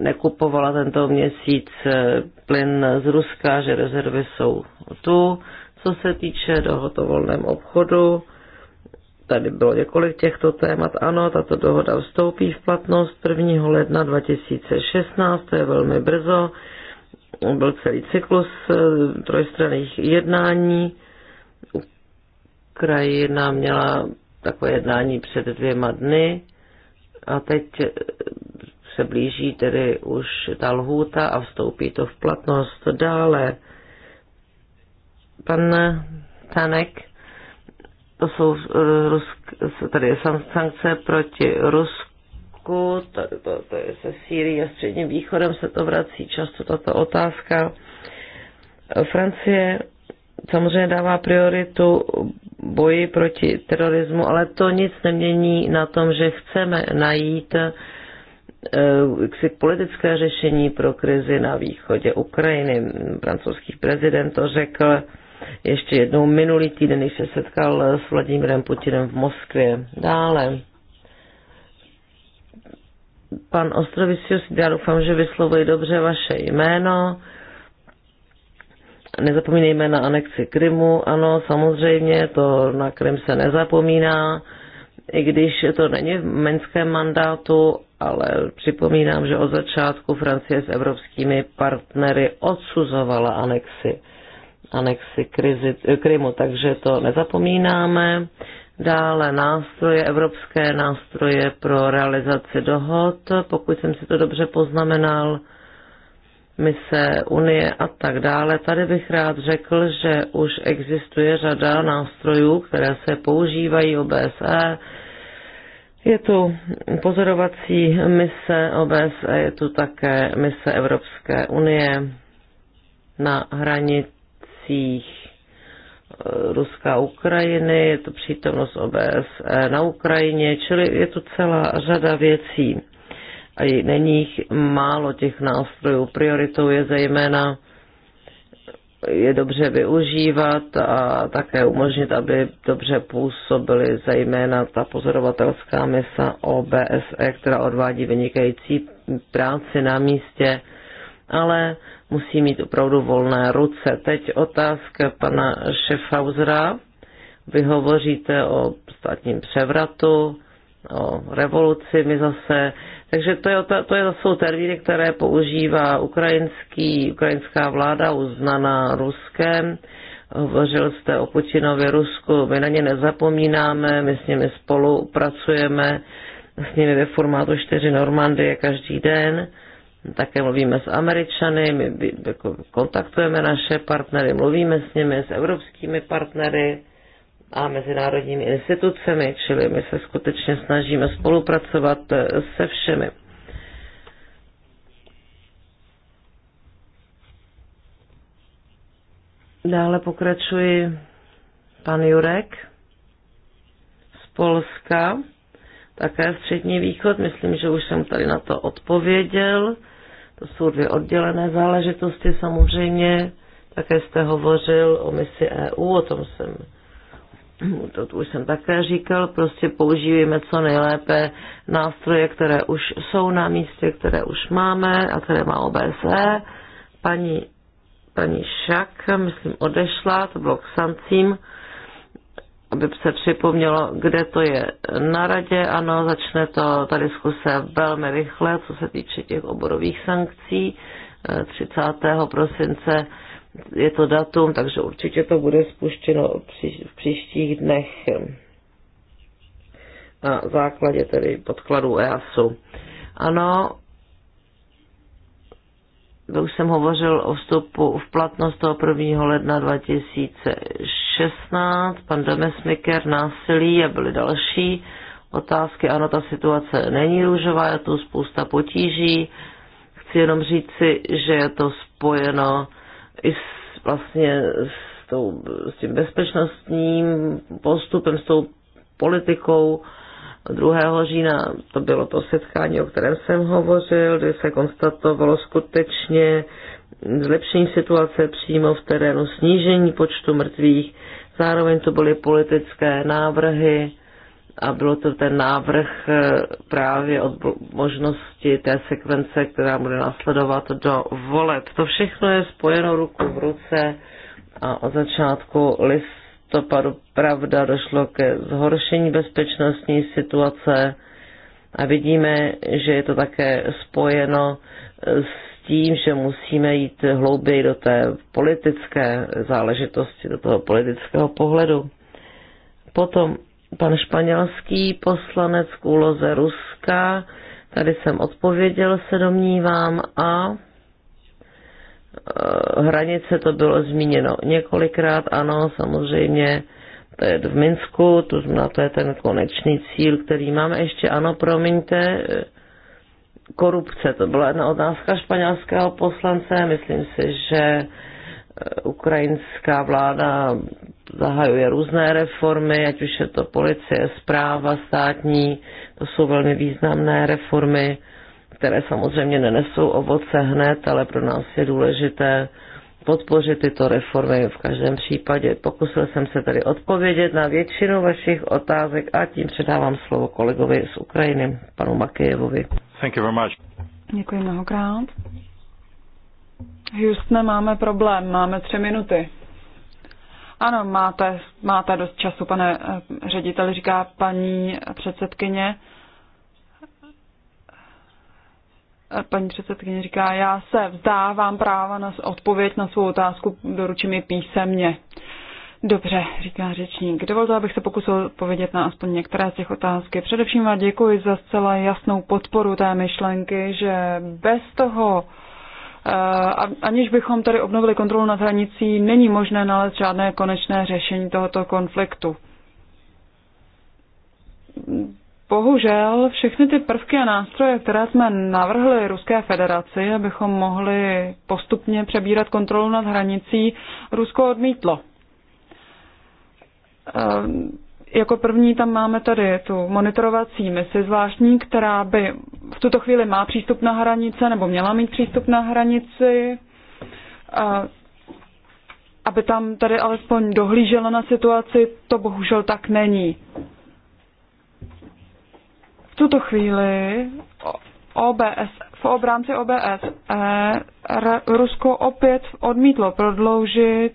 nekupovala tento měsíc eh, plyn z Ruska, že rezervy jsou tu. Co se týče dohoto volném obchodu, tady bylo několik těchto témat. Ano, tato dohoda vstoupí v platnost 1. ledna 2016, to je velmi brzo byl celý cyklus eh, trojstranných jednání. Ukrajina měla takové jednání před dvěma dny a teď eh, se blíží tedy už ta lhůta a vstoupí to v platnost dále. Pan Tanek, to jsou eh, tady sankce proti Rusku Iráku, to, to, to je se Sýrií a Středním východem se to vrací často tato otázka. Francie samozřejmě dává prioritu boji proti terorismu, ale to nic nemění na tom, že chceme najít eh, si politické řešení pro krizi na východě Ukrajiny. Francouzský prezident to řekl ještě jednou minulý týden, když se setkal s Vladimirem Putinem v Moskvě. Dále pan Ostrovicius, já doufám, že vyslovuji dobře vaše jméno. Nezapomínejme na anexi Krymu, ano, samozřejmě, to na Krym se nezapomíná, i když to není v menském mandátu, ale připomínám, že od začátku Francie s evropskými partnery odsuzovala anexi, anexi krizi, Krymu, takže to nezapomínáme dále nástroje, evropské nástroje pro realizaci dohod, pokud jsem si to dobře poznamenal, mise Unie a tak dále. Tady bych rád řekl, že už existuje řada nástrojů, které se používají OBSE. Je tu pozorovací mise OBSE, je tu také mise Evropské unie na hranicích Eh, Ruska a Ukrajiny, je to přítomnost OBSE na Ukrajině, čili je tu celá řada věcí. A není jich málo těch nástrojů. Prioritou je zejména je dobře využívat a také umožnit, aby dobře působily zejména ta pozorovatelská misa OBSE, která odvádí vynikající práci na místě, ale musí mít opravdu volné ruce. Teď otázka pana Šefauzra. Vy hovoříte o státním převratu, o revoluci my zase. Takže to, je, to, je, to jsou termíny, které používá ukrajinský, ukrajinská vláda uznaná Ruskem. Hovořil jste o Putinovi Rusku, my na ně nezapomínáme, my s nimi spolupracujeme, s nimi ve formátu čtyři Normandie každý den také mluvíme s Američany, my jako kontaktujeme naše partnery, mluvíme s nimi, s evropskými partnery a mezinárodními institucemi, čili my se skutečně snažíme spolupracovat eh, se všemi. Dále pokračuji pan Jurek z Polska, také střední východ, myslím, že už jsem tady na to odpověděl. To jsou dvě oddělené záležitosti samozřejmě. Také jste hovořil o misi EU, o tom jsem to už jsem také říkal, prostě používíme co nejlépe nástroje, které už jsou na místě, které už máme a které má OBSE. Paní, paní Šak, myslím, odešla, to bylo k sancím aby se připomnělo, kde to je na radě. Ano, začne to ta diskuse velmi rychle, co se týče těch oborových sankcí. 30. Eh, prosince je to datum, takže určitě to bude spuštěno v příštích dnech eh, na základě tedy podkladů EASu. Ano, už jsem hovořil o vstupu v platnost toho 1. ledna 2006 16, pan Demesmiker, násilí a byly další otázky. Ano, ta situace není růžová, je tu spousta potíží. Chci jenom říci, že je to spojeno i s, vlastně s, tou, s tím bezpečnostním postupem, s tou politikou. 2. října to bylo to setkání, o kterém jsem hovořil, kdy se konstatovalo skutečně zlepšení situace přímo v terénu, snížení počtu mrtvých, zároveň to byly politické návrhy a bylo to ten návrh eh, právě od možnosti té sekvence, která bude následovat do voleb. To všechno je spojeno ruku v ruce a od začátku listopadu pravda došlo ke zhoršení bezpečnostní situace a vidíme, že je to také spojeno s tím, že musíme jít hlouběji do té politické záležitosti, do toho politického pohledu. Potom pan španělský poslanec k úloze Ruska, tady jsem odpověděl, se domnívám, a eh, hranice to bylo zmíněno několikrát, ano, samozřejmě, to je v Minsku, to znamená, to je ten konečný cíl, který máme. Ještě ano, promiňte, eh, korupce. To byla jedna otázka španělského poslance. Myslím si, že eh, ukrajinská vláda zahajuje různé reformy, ať už je to policie, zpráva státní, to jsou velmi významné reformy, které samozřejmě nenesou ovoce hned, ale pro nás je důležité podpořit tyto reformy v každém případě. Pokusil jsem se tedy odpovědět na většinu vašich otázek a tím předávám slovo kolegovi z Ukrajiny, panu Makejevovi. Thank you very much. Děkuji mnohokrát. Houston, máme problém, máme tři minuty. Ano, máte, máte dost času, pane eh, ředitel, říká paní předsedkyně. Eh, paní předsedkyně říká, já se vzdávám práva na odpověď na svou otázku, doručím ji písemně. Dobře, říká řečník. Dovolte, abych se pokusil povědět na aspoň některé z těch otázky. Především vám děkuji za zcela jasnou podporu té myšlenky, že bez toho, eh, aniž bychom tady obnovili kontrolu nad hranicí, není možné nalézt žádné konečné řešení tohoto konfliktu. Bohužel všechny ty prvky a nástroje, které jsme navrhli Ruské federaci, abychom mohli postupně přebírat kontrolu nad hranicí, Rusko odmítlo. Ehm, jako první tam máme tady tu monitorovací misi zvláštní, která by v tuto chvíli má přístup na hranice nebo měla mít přístup na hranici, aby tam tady alespoň dohlížela na situaci, to bohužel tak není. V tuto chvíli OBS, v obrámci OBS e Rusko opět odmítlo prodloužit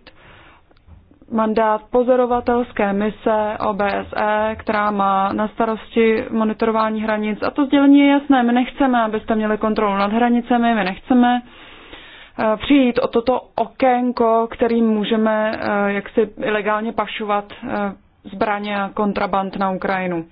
mandát pozorovatelské mise OBSE, která má na starosti monitorování hranic. A to sdělení je jasné. My nechceme, abyste měli kontrolu nad hranicemi, my nechceme eh, přijít o toto okénko, kterým můžeme eh, jaksi ilegálně pašovat eh, zbraně a kontraband na Ukrajinu.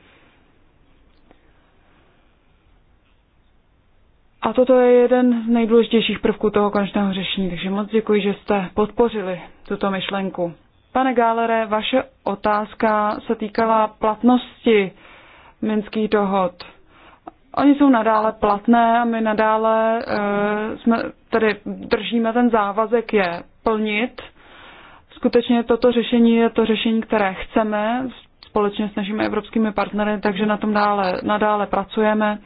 A toto je jeden z nejdůležitějších prvků toho konečného řešení, takže moc děkuji, že jste podpořili tuto myšlenku. Pane Gálere, vaše otázka se týkala platnosti minských dohod. Oni jsou nadále platné a my nadále uh, jsme, tedy držíme ten závazek je plnit. Skutečně toto řešení je to řešení, které chceme společně s našimi evropskými partnery, takže na tom dále, nadále pracujeme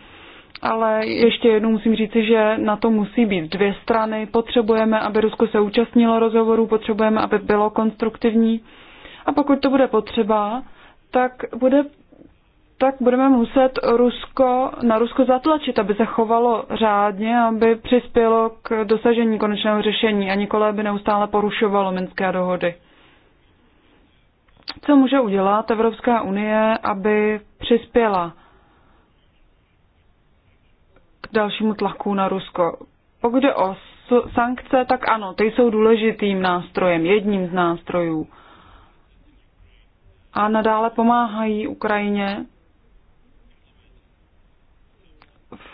ale ještě jednou musím říci, že na to musí být dvě strany. Potřebujeme, aby Rusko se účastnilo rozhovoru, potřebujeme, aby bylo konstruktivní. A pokud to bude potřeba, tak bude tak budeme muset Rusko, na Rusko zatlačit, aby se chovalo řádně, aby přispělo k dosažení konečného řešení a nikoli by neustále porušovalo minské dohody. Co může udělat Evropská unie, aby přispěla dalšímu tlaku na Rusko. Pokud jde o sankce, tak ano, ty jsou důležitým nástrojem, jedním z nástrojů. A nadále pomáhají Ukrajině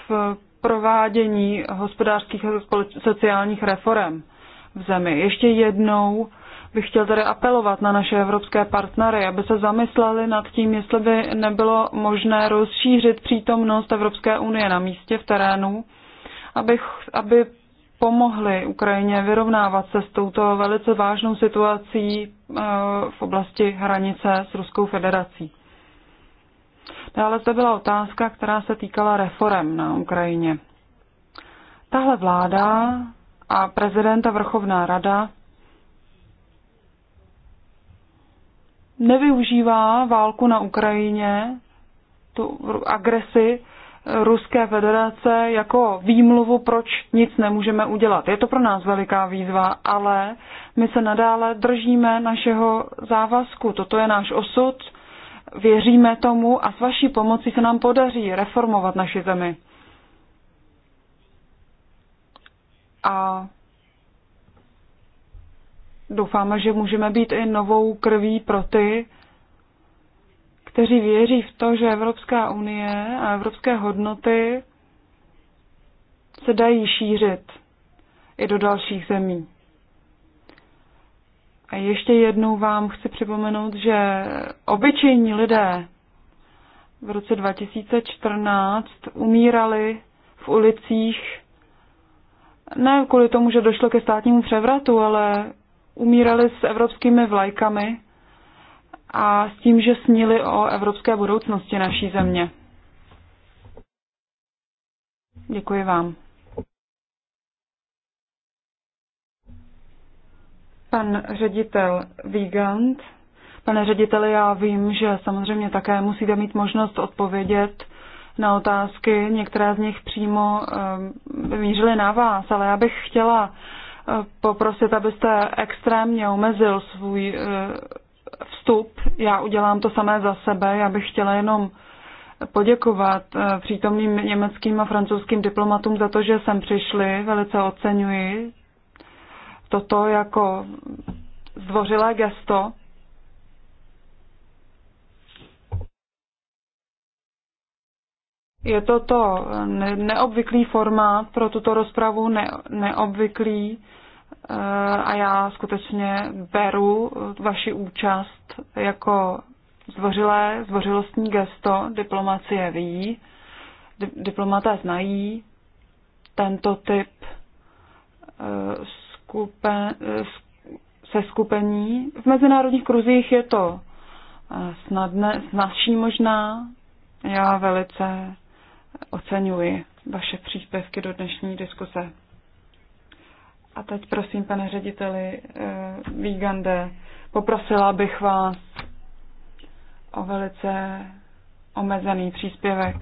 v provádění hospodářských a sociálních reform v zemi. Ještě jednou bych chtěl tedy apelovat na naše evropské partnery, aby se zamysleli nad tím, jestli by nebylo možné rozšířit přítomnost Evropské unie na místě v terénu, aby, aby pomohli Ukrajině vyrovnávat se s touto velice vážnou situací eh, v oblasti hranice s Ruskou federací. Dále zde byla otázka, která se týkala reform na Ukrajině. Tahle vláda a prezidenta Vrchovná rada nevyužívá válku na Ukrajině, tu agresi Ruské federace jako výmluvu, proč nic nemůžeme udělat. Je to pro nás veliká výzva, ale my se nadále držíme našeho závazku. Toto je náš osud, věříme tomu a s vaší pomocí se nám podaří reformovat naši zemi. A doufáme, že můžeme být i novou krví pro ty, kteří věří v to, že Evropská unie a evropské hodnoty se dají šířit i do dalších zemí. A ještě jednou vám chci připomenout, že obyčejní lidé v roce 2014 umírali v ulicích ne kvůli tomu, že došlo ke státnímu převratu, ale umírali s evropskými vlajkami a s tím, že snili o evropské budoucnosti naší země. Děkuji vám. Pan ředitel Vigand. Pane řediteli, já vím, že samozřejmě také musíte mít možnost odpovědět na otázky. Některé z nich přímo um, mířily na vás, ale já bych chtěla poprosit, abyste extrémně omezil svůj eh, vstup. Já udělám to samé za sebe. Já bych chtěla jenom poděkovat eh, přítomným německým a francouzským diplomatům za to, že sem přišli. Velice oceňuji toto jako zdvořilé gesto. Je to to neobvyklý formát pro tuto rozpravu, ne, neobvyklý a já skutečně beru vaši účast jako zdvořilé, zdvořilostní gesto. Diplomacie ví, diplomata znají tento typ eh, skupe- eh, se skupení. V mezinárodních kruzích je to eh, snadné, snažší možná. Já velice oceňuji vaše příspěvky do dnešní diskuse. A teď prosím, pane řediteli eh, Vígande, poprosila bych vás o velice omezený příspěvek.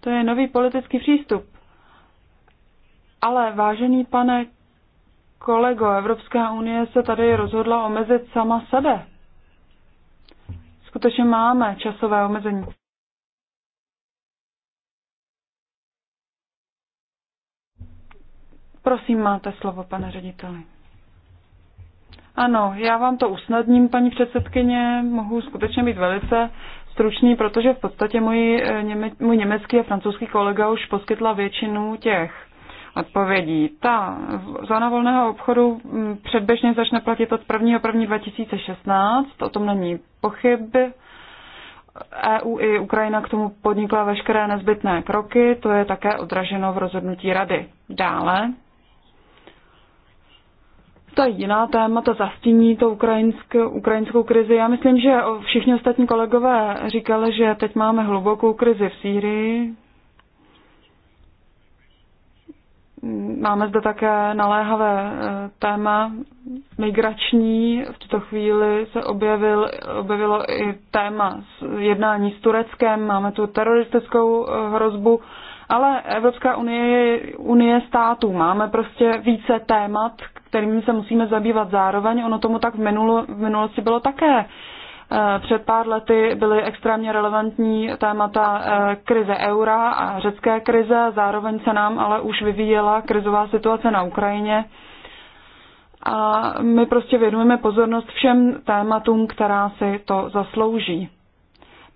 To je nový politický přístup. Ale vážený pane kolego, Evropská unie se tady rozhodla omezit sama sebe. Skutečně máme časové omezení. Prosím, máte slovo, pane řediteli. Ano, já vám to usnadním, paní předsedkyně. Mohu skutečně být velice stručný, protože v podstatě můj, eh, něme, můj německý a francouzský kolega už poskytla většinu těch odpovědí. Ta zóna volného obchodu mm, předběžně začne platit od 1. 1. 2016, o tom není pochyb. EU i Ukrajina k tomu podnikla veškeré nezbytné kroky, to je také odraženo v rozhodnutí rady. Dále ta jiná témata zastíní to ukrajinskou, ukrajinskou krizi. Já myslím, že všichni ostatní kolegové říkali, že teď máme hlubokou krizi v Sýrii. Máme zde také naléhavé eh, téma migrační. V tuto chvíli se objevil, objevilo i téma jednání s Tureckem. Máme tu teroristickou eh, hrozbu ale Evropská unie je unie států. Máme prostě více témat, kterými se musíme zabývat zároveň. Ono tomu tak v, minulo, v minulosti bylo také. Eh, před pár lety byly extrémně relevantní témata eh, krize eura a řecké krize, zároveň se nám ale už vyvíjela krizová situace na Ukrajině. A my prostě věnujeme pozornost všem tématům, která si to zaslouží.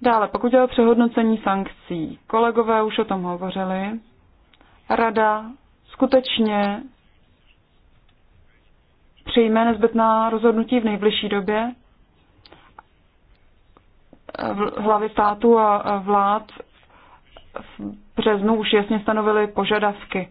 Dále, pokud je o přehodnocení sankcí, kolegové už o tom hovořili, rada skutečně přijme nezbytná rozhodnutí v nejbližší době. V hlavy státu a vlád v březnu už jasně stanovili požadavky.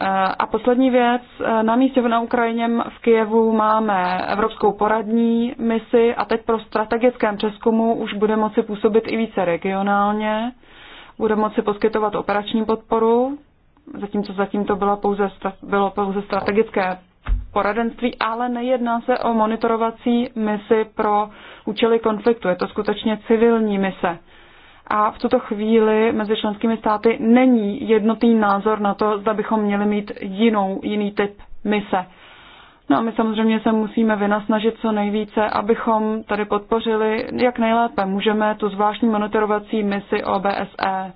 Eh, a poslední věc, eh, na místě na Ukrajině v Kijevu máme Evropskou poradní misi a teď pro strategickém přeskumu už bude moci působit i více regionálně, bude moci poskytovat operační podporu, zatímco zatím to bylo pouze, bylo pouze strategické poradenství, ale nejedná se o monitorovací misi pro účely konfliktu. Je to skutečně civilní mise a v tuto chvíli mezi členskými státy není jednotný názor na to, zda bychom měli mít jinou, jiný typ mise. No a my samozřejmě se musíme vynasnažit co nejvíce, abychom tady podpořili, jak nejlépe můžeme, tu zvláštní monitorovací misi OBSE.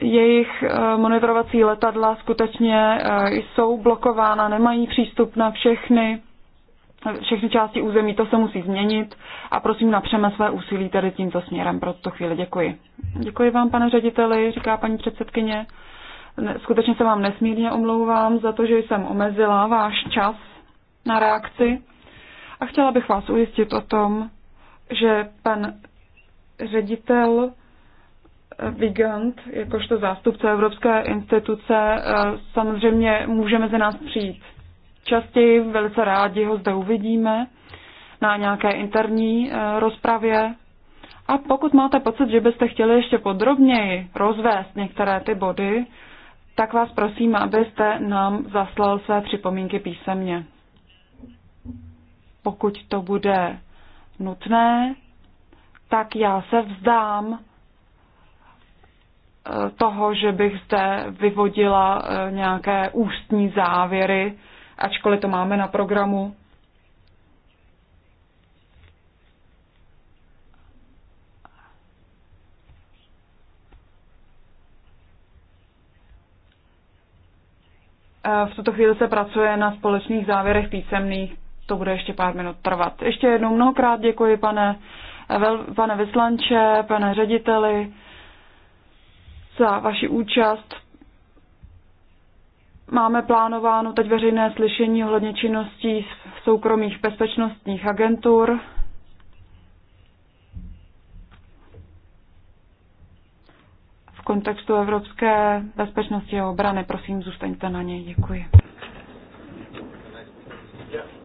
Jejich eh, monitorovací letadla skutečně eh, jsou blokována, nemají přístup na všechny všechny části území, to se musí změnit a prosím napřeme své úsilí tady tímto směrem. Pro tuto chvíli děkuji. Děkuji vám, pane řediteli, říká paní předsedkyně. Skutečně se vám nesmírně omlouvám za to, že jsem omezila váš čas na reakci a chtěla bych vás ujistit o tom, že pan ředitel eh, Vigant, jakožto zástupce Evropské instituce, eh, samozřejmě může mezi nás přijít častěji, Velice rádi ho zde uvidíme na nějaké interní eh, rozpravě. A pokud máte pocit, že byste chtěli ještě podrobněji rozvést některé ty body, tak vás prosím, abyste nám zaslal své připomínky písemně. Pokud to bude nutné, tak já se vzdám eh, toho, že bych zde vyvodila eh, nějaké ústní závěry ačkoliv to máme na programu. V tuto chvíli se pracuje na společných závěrech písemných. To bude ještě pár minut trvat. Ještě jednou mnohokrát děkuji, pane, pane vyslanče, pane řediteli, za vaši účast. Máme plánováno teď veřejné slyšení ohledně činností soukromých bezpečnostních agentur. V kontextu evropské bezpečnosti a obrany, prosím, zůstaňte na něj. Děkuji.